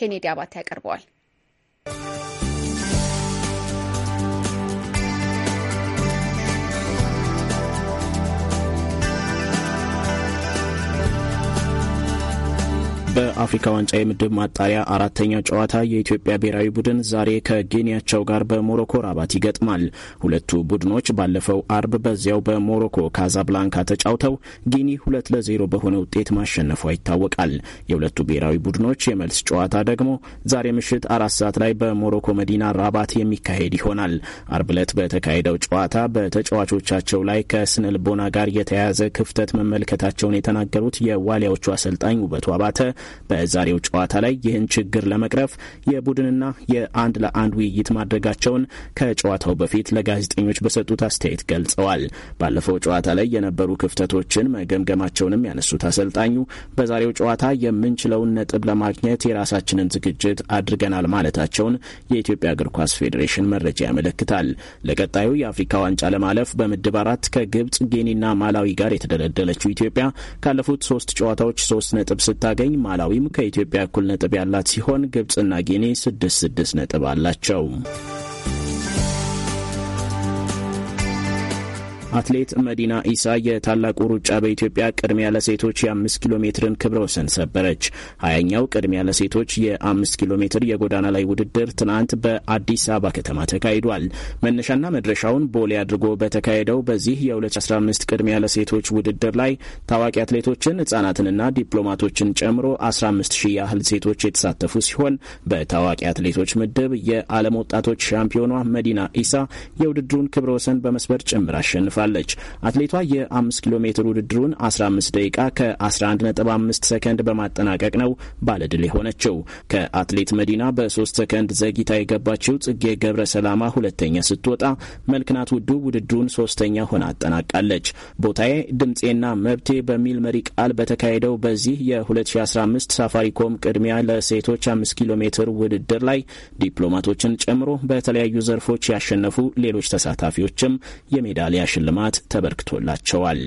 Speaker 1: ኬኔዲ አባተ ያቀርበዋል።
Speaker 17: በአፍሪካ ዋንጫ የምድብ ማጣሪያ አራተኛ ጨዋታ የኢትዮጵያ ብሔራዊ ቡድን ዛሬ ከጌኒያቸው ጋር በሞሮኮ ራባት ይገጥማል። ሁለቱ ቡድኖች ባለፈው አርብ በዚያው በሞሮኮ ካዛብላንካ ተጫውተው ጊኒ ሁለት ለዜሮ በሆነ ውጤት ማሸነፏ ይታወቃል። የሁለቱ ብሔራዊ ቡድኖች የመልስ ጨዋታ ደግሞ ዛሬ ምሽት አራት ሰዓት ላይ በሞሮኮ መዲና ራባት የሚካሄድ ይሆናል። አርብ ዕለት በተካሄደው ጨዋታ በተጫዋቾቻቸው ላይ ከስነ ልቦና ጋር የተያያዘ ክፍተት መመልከታቸውን የተናገሩት የዋሊያዎቹ አሰልጣኝ ውበቱ አባተ በዛሬው ጨዋታ ላይ ይህን ችግር ለመቅረፍ የቡድንና የአንድ ለአንድ ውይይት ማድረጋቸውን ከጨዋታው በፊት ለጋዜጠኞች በሰጡት አስተያየት ገልጸዋል። ባለፈው ጨዋታ ላይ የነበሩ ክፍተቶችን መገምገማቸውንም ያነሱት አሰልጣኙ በዛሬው ጨዋታ የምንችለውን ነጥብ ለማግኘት የራሳችንን ዝግጅት አድርገናል ማለታቸውን የኢትዮጵያ እግር ኳስ ፌዴሬሽን መረጃ ያመለክታል። ለቀጣዩ የአፍሪካ ዋንጫ ለማለፍ በምድብ አራት ከግብጽ፣ ጊኒና ማላዊ ጋር የተደለደለችው ኢትዮጵያ ካለፉት ሶስት ጨዋታዎች ሶስት ነጥብ ስታገኝ ማላዊም ከኢትዮጵያ እኩል ነጥብ ያላት ሲሆን ግብፅና ጊኒ ስድስት ስድስት ነጥብ አላቸው። አትሌት መዲና ኢሳ የታላቁ ሩጫ በኢትዮጵያ ቅድሚያ ለሴቶች የአምስት ኪሎ ሜትርን ክብረ ወሰን ሰበረች። ሀያኛው ቅድሚያ ለሴቶች የአምስት ኪሎ ሜትር የጎዳና ላይ ውድድር ትናንት በአዲስ አበባ ከተማ ተካሂዷል። መነሻና መድረሻውን ቦሌ አድርጎ በተካሄደው በዚህ የ2015 ቅድሚያ ለሴቶች ውድድር ላይ ታዋቂ አትሌቶችን ህጻናትንና ዲፕሎማቶችን ጨምሮ 15 ሺህ ያህል ሴቶች የተሳተፉ ሲሆን በታዋቂ አትሌቶች ምድብ የዓለም ወጣቶች ሻምፒዮኗ መዲና ኢሳ የውድድሩን ክብረ ወሰን በመስበር ጭምር አሸንፏል። አሸንፋለች። አትሌቷ የ5 ኪሎ ሜትር ውድድሩን 15 ደቂቃ ከ11.5 ሰከንድ በማጠናቀቅ ነው ባለድል የሆነችው። ከአትሌት መዲና በ3 ሰከንድ ዘግይታ የገባችው ጽጌ ገብረ ሰላማ ሁለተኛ ስትወጣ፣ መልክናት ውዱ ውድድሩን ሶስተኛ ሆና አጠናቃለች። ቦታዬ ድምፄና መብቴ በሚል መሪ ቃል በተካሄደው በዚህ የ2015 ሳፋሪኮም ቅድሚያ ለሴቶች 5 ኪሎ ሜትር ውድድር ላይ ዲፕሎማቶችን ጨምሮ በተለያዩ ዘርፎች ያሸነፉ ሌሎች ተሳታፊዎችም የሜዳሊያ ሽልማ ሽልማት ተበርክቶላቸዋል።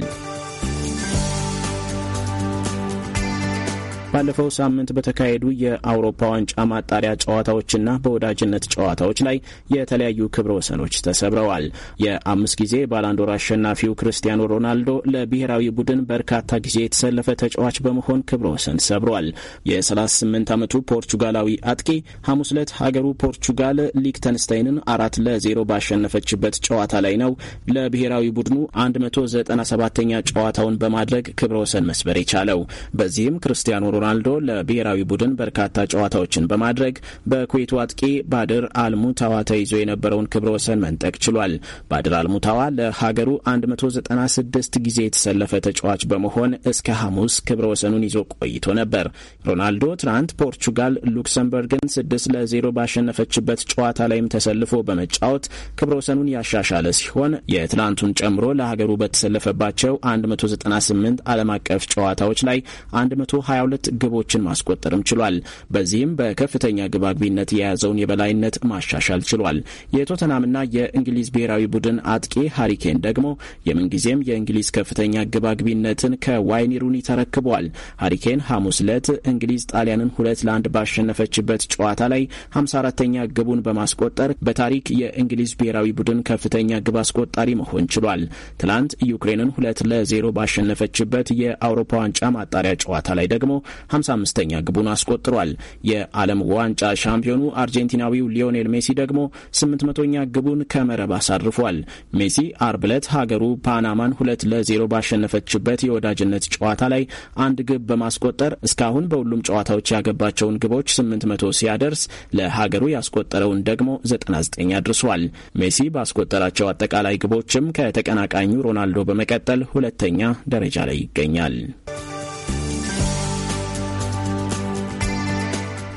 Speaker 17: ባለፈው ሳምንት በተካሄዱ የአውሮፓ ዋንጫ ማጣሪያ ጨዋታዎችና በወዳጅነት ጨዋታዎች ላይ የተለያዩ ክብረ ወሰኖች ተሰብረዋል። የአምስት ጊዜ ባላንዶር አሸናፊው ክርስቲያኖ ሮናልዶ ለብሔራዊ ቡድን በርካታ ጊዜ የተሰለፈ ተጫዋች በመሆን ክብረ ወሰን ሰብሯል። የ38 ዓመቱ ፖርቹጋላዊ አጥቂ ሐሙስ ዕለት ሀገሩ ፖርቹጋል ሊክተንስታይንን አራት ለዜሮ ባሸነፈችበት ጨዋታ ላይ ነው ለብሔራዊ ቡድኑ 197ኛ ጨዋታውን በማድረግ ክብረ ወሰን መስበር የቻለው በዚህም ክርስቲያኖ ሮናልዶ ለብሔራዊ ቡድን በርካታ ጨዋታዎችን በማድረግ በኩዌቱ አጥቂ ባድር አልሙታዋ ተይዞ የነበረውን ክብረ ወሰን መንጠቅ ችሏል። ባድር አልሙታዋ ለሀገሩ 196 ጊዜ የተሰለፈ ተጫዋች በመሆን እስከ ሐሙስ ክብረ ወሰኑን ይዞ ቆይቶ ነበር። ሮናልዶ ትናንት ፖርቹጋል ሉክሰምበርግን 6 ለ0 ባሸነፈችበት ጨዋታ ላይም ተሰልፎ በመጫወት ክብረ ወሰኑን ያሻሻለ ሲሆን የትናንቱን ጨምሮ ለሀገሩ በተሰለፈባቸው 198 ዓለም አቀፍ ጨዋታዎች ላይ 122 ግቦችን ማስቆጠርም ችሏል። በዚህም በከፍተኛ ግብ አግቢነት የያዘውን የበላይነት ማሻሻል ችሏል። የቶተናምና የእንግሊዝ ብሔራዊ ቡድን አጥቂ ሀሪኬን ደግሞ የምንጊዜም የእንግሊዝ ከፍተኛ ግብ አግቢነትን ከዋይኒ ሩኒ ተረክቧል። ሐሙስ ዕለት እንግሊዝ ጣሊያንን ሁለት ለአንድ ባሸነፈችበት ጨዋታ ላይ 54ተኛ ግቡን በማስቆጠር በታሪክ የእንግሊዝ ብሔራዊ ቡድን ከፍተኛ ግብ አስቆጣሪ መሆን ችሏል። ትላንት ዩክሬንን ሁለት ለዜሮ ባሸነፈችበት የአውሮፓ ዋንጫ ማጣሪያ ጨዋታ ላይ ደግሞ 55ኛ ግቡን አስቆጥሯል። የዓለም ዋንጫ ሻምፒዮኑ አርጀንቲናዊው ሊዮኔል ሜሲ ደግሞ 800ኛ ግቡን ከመረብ አሳርፏል። ሜሲ አርብ ዕለት ሀገሩ ፓናማን ሁለት ለዜሮ ባሸነፈችበት የወዳጅነት ጨዋታ ላይ አንድ ግብ በማስቆጠር እስካሁን በሁሉም ጨዋታዎች ያገባቸውን ግቦች 800 ሲያደርስ ለሀገሩ ያስቆጠረውን ደግሞ 99 አድርሷል። ሜሲ ባስቆጠራቸው አጠቃላይ ግቦችም ከተቀናቃኙ ሮናልዶ በመቀጠል ሁለተኛ ደረጃ ላይ ይገኛል።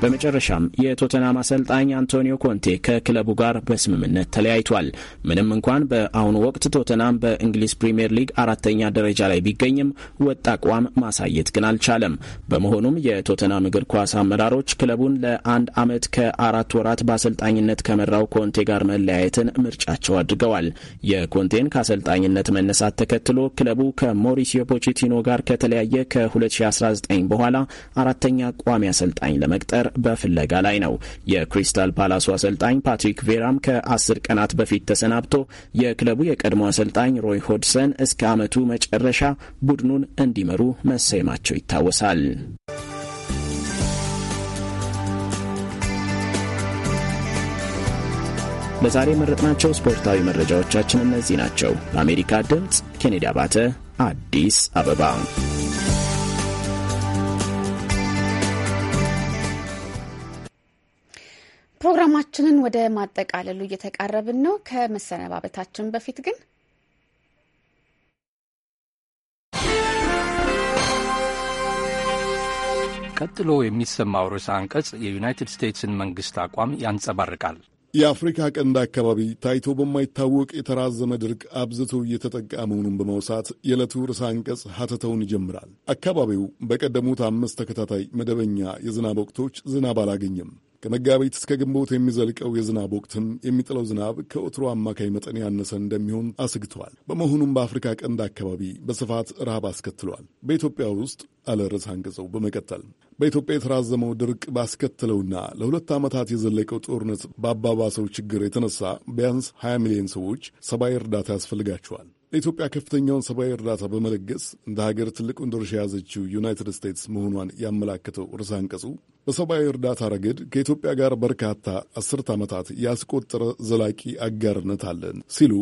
Speaker 17: በመጨረሻም የቶተናም አሰልጣኝ አንቶኒዮ ኮንቴ ከክለቡ ጋር በስምምነት ተለያይቷል። ምንም እንኳን በአሁኑ ወቅት ቶተናም በእንግሊዝ ፕሪምየር ሊግ አራተኛ ደረጃ ላይ ቢገኝም ወጥ አቋም ማሳየት ግን አልቻለም። በመሆኑም የቶተናም እግር ኳስ አመራሮች ክለቡን ለአንድ ዓመት ከአራት ወራት በአሰልጣኝነት ከመራው ኮንቴ ጋር መለያየትን ምርጫቸው አድርገዋል። የኮንቴን ከአሰልጣኝነት መነሳት ተከትሎ ክለቡ ከሞሪሲዮ ፖቼቲኖ ጋር ከተለያየ ከ2019 በኋላ አራተኛ ቋሚ አሰልጣኝ ለመቅጠር በፍለጋ ላይ ነው። የክሪስታል ፓላሱ አሰልጣኝ ፓትሪክ ቬራም ከአስር ቀናት በፊት ተሰናብቶ የክለቡ የቀድሞ አሰልጣኝ ሮይ ሆድሰን እስከ ዓመቱ መጨረሻ ቡድኑን እንዲመሩ መሰየማቸው ይታወሳል። ለዛሬ የመረጥናቸው ስፖርታዊ መረጃዎቻችን እነዚህ ናቸው። በአሜሪካ ድምፅ ኬኔዲ አባተ አዲስ አበባ
Speaker 1: ፕሮግራማችንን ወደ ማጠቃለሉ እየተቃረብን ነው። ከመሰነባበታችን በፊት ግን
Speaker 16: ቀጥሎ የሚሰማው ርዕሰ አንቀጽ የዩናይትድ ስቴትስን መንግሥት አቋም ያንጸባርቃል።
Speaker 12: የአፍሪካ ቀንድ አካባቢ ታይቶ በማይታወቅ የተራዘመ ድርቅ አብዝቶ እየተጠቃ መሆኑን በመውሳት የዕለቱ ርዕሰ አንቀጽ ሀተታውን ይጀምራል። አካባቢው በቀደሙት አምስት ተከታታይ መደበኛ የዝናብ ወቅቶች ዝናብ አላገኘም። ከመጋቢት እስከ ግንቦት የሚዘልቀው የዝናብ ወቅትም የሚጥለው ዝናብ ከወትሮ አማካይ መጠን ያነሰ እንደሚሆን አስግተዋል። በመሆኑም በአፍሪካ ቀንድ አካባቢ በስፋት ረሃብ አስከትሏል። በኢትዮጵያ ውስጥ አለ ርዕስ አንቀጸው በመቀጠል በኢትዮጵያ የተራዘመው ድርቅ ባስከተለውና ለሁለት ዓመታት የዘለቀው ጦርነት በአባባሰው ችግር የተነሳ ቢያንስ 20 ሚሊዮን ሰዎች ሰብአዊ እርዳታ ያስፈልጋቸዋል። ለኢትዮጵያ ከፍተኛውን ሰብአዊ እርዳታ በመለገስ እንደ ሀገር ትልቁን ድርሻ የያዘችው ዩናይትድ ስቴትስ መሆኗን ያመላከተው ርዕስ አንቀጹ በሰብአዊ እርዳታ ረገድ ከኢትዮጵያ ጋር በርካታ አስርት ዓመታት ያስቆጠረ ዘላቂ አጋርነት አለን ሲሉ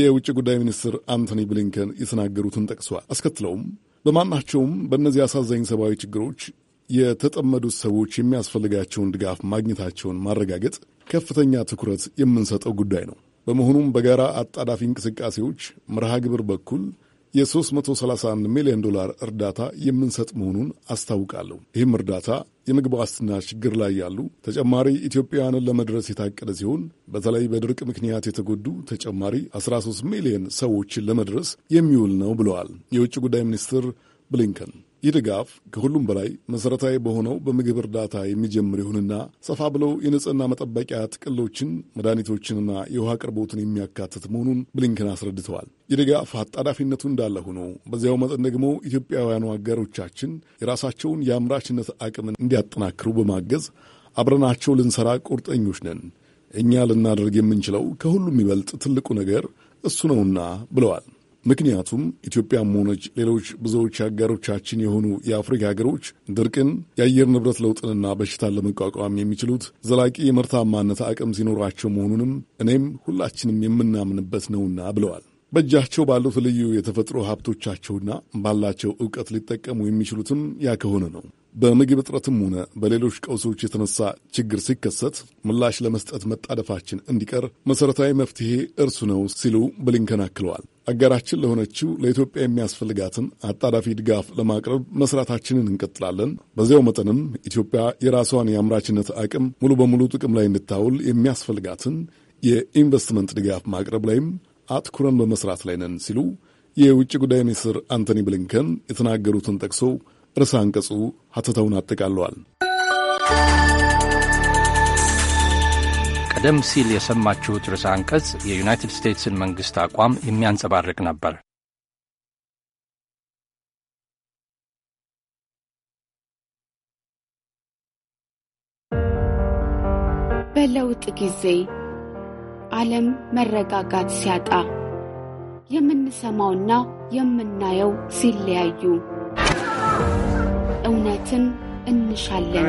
Speaker 12: የውጭ ጉዳይ ሚኒስትር አንቶኒ ብሊንከን የተናገሩትን ጠቅሷል። አስከትለውም በማናቸውም በእነዚህ አሳዛኝ ሰብአዊ ችግሮች የተጠመዱት ሰዎች የሚያስፈልጋቸውን ድጋፍ ማግኘታቸውን ማረጋገጥ ከፍተኛ ትኩረት የምንሰጠው ጉዳይ ነው። በመሆኑም በጋራ አጣዳፊ እንቅስቃሴዎች መርሃ ግብር በኩል የ331 ሚሊዮን ዶላር እርዳታ የምንሰጥ መሆኑን አስታውቃለሁ። ይህም እርዳታ የምግብ ዋስትና ችግር ላይ ያሉ ተጨማሪ ኢትዮጵያውያንን ለመድረስ የታቀደ ሲሆን በተለይ በድርቅ ምክንያት የተጎዱ ተጨማሪ 13 ሚሊዮን ሰዎችን ለመድረስ የሚውል ነው ብለዋል የውጭ ጉዳይ ሚኒስትር ብሊንከን። ይህ ድጋፍ ከሁሉም በላይ መሠረታዊ በሆነው በምግብ እርዳታ የሚጀምር ይሁንና ሰፋ ብለው የንጽህና መጠበቂያ ጥቅሎችን፣ መድኃኒቶችንና የውሃ አቅርቦትን የሚያካትት መሆኑን ብሊንከን አስረድተዋል። የድጋፍ አጣዳፊነቱ እንዳለ ሆኖ በዚያው መጠን ደግሞ ኢትዮጵያውያኑ አጋሮቻችን የራሳቸውን የአምራችነት አቅምን እንዲያጠናክሩ በማገዝ አብረናቸው ልንሰራ ቁርጠኞች ነን። እኛ ልናደርግ የምንችለው ከሁሉም ይበልጥ ትልቁ ነገር እሱ ነውና ብለዋል። ምክንያቱም ኢትዮጵያም ሆነች ሌሎች ብዙዎች አጋሮቻችን የሆኑ የአፍሪካ ሀገሮች ድርቅን፣ የአየር ንብረት ለውጥንና በሽታን ለመቋቋም የሚችሉት ዘላቂ የምርታማነት አቅም ሲኖራቸው መሆኑንም እኔም ሁላችንም የምናምንበት ነውና ብለዋል። በእጃቸው ባሉት ልዩ የተፈጥሮ ሀብቶቻቸውና ባላቸው እውቀት ሊጠቀሙ የሚችሉትም ያ ከሆነ ነው። በምግብ እጥረትም ሆነ በሌሎች ቀውሶች የተነሳ ችግር ሲከሰት ምላሽ ለመስጠት መጣደፋችን እንዲቀር መሠረታዊ መፍትሄ እርሱ ነው ሲሉ ብሊንከን አክለዋል። አጋራችን ለሆነችው ለኢትዮጵያ የሚያስፈልጋትን አጣዳፊ ድጋፍ ለማቅረብ መስራታችንን እንቀጥላለን። በዚያው መጠንም ኢትዮጵያ የራሷን የአምራችነት አቅም ሙሉ በሙሉ ጥቅም ላይ እንድታውል የሚያስፈልጋትን የኢንቨስትመንት ድጋፍ ማቅረብ ላይም አትኩረን በመስራት ላይ ነን ሲሉ የውጭ ጉዳይ ሚኒስትር አንቶኒ ብሊንከን የተናገሩትን ጠቅሶ ርዕሰ አንቀጹ ሀተተውን አጠቃለዋል። ቀደም ሲል የሰማችሁት ርዕሰ አንቀጽ
Speaker 13: የዩናይትድ ስቴትስን መንግሥት አቋም የሚያንጸባርቅ ነበር።
Speaker 1: በለውጥ ጊዜ ዓለም መረጋጋት ሲያጣ የምንሰማውና የምናየው ሲለያዩ እውነትን እንሻለን።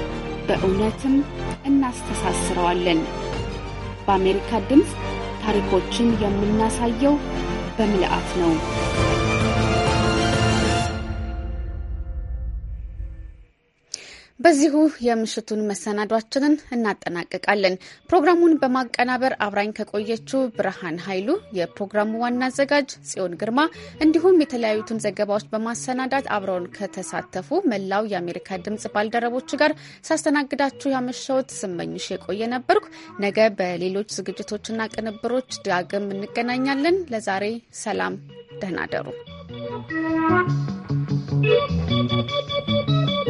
Speaker 1: በእውነትም እናስተሳስረዋለን። በአሜሪካ ድምፅ ታሪኮችን የምናሳየው በምልአት ነው። በዚሁ የምሽቱን መሰናዷችንን እናጠናቅቃለን። ፕሮግራሙን በማቀናበር አብራኝ ከቆየችው ብርሃን ኃይሉ፣ የፕሮግራሙ ዋና አዘጋጅ ጽዮን ግርማ፣ እንዲሁም የተለያዩትን ዘገባዎች በማሰናዳት አብረውን ከተሳተፉ መላው የአሜሪካ ድምጽ ባልደረቦች ጋር ሳስተናግዳችሁ ያመሸሁት ስመኝሽ የቆየ ነበርኩ። ነገ በሌሎች ዝግጅቶችና ቅንብሮች ዳግም እንገናኛለን። ለዛሬ ሰላም፣ ደህና ደሩ።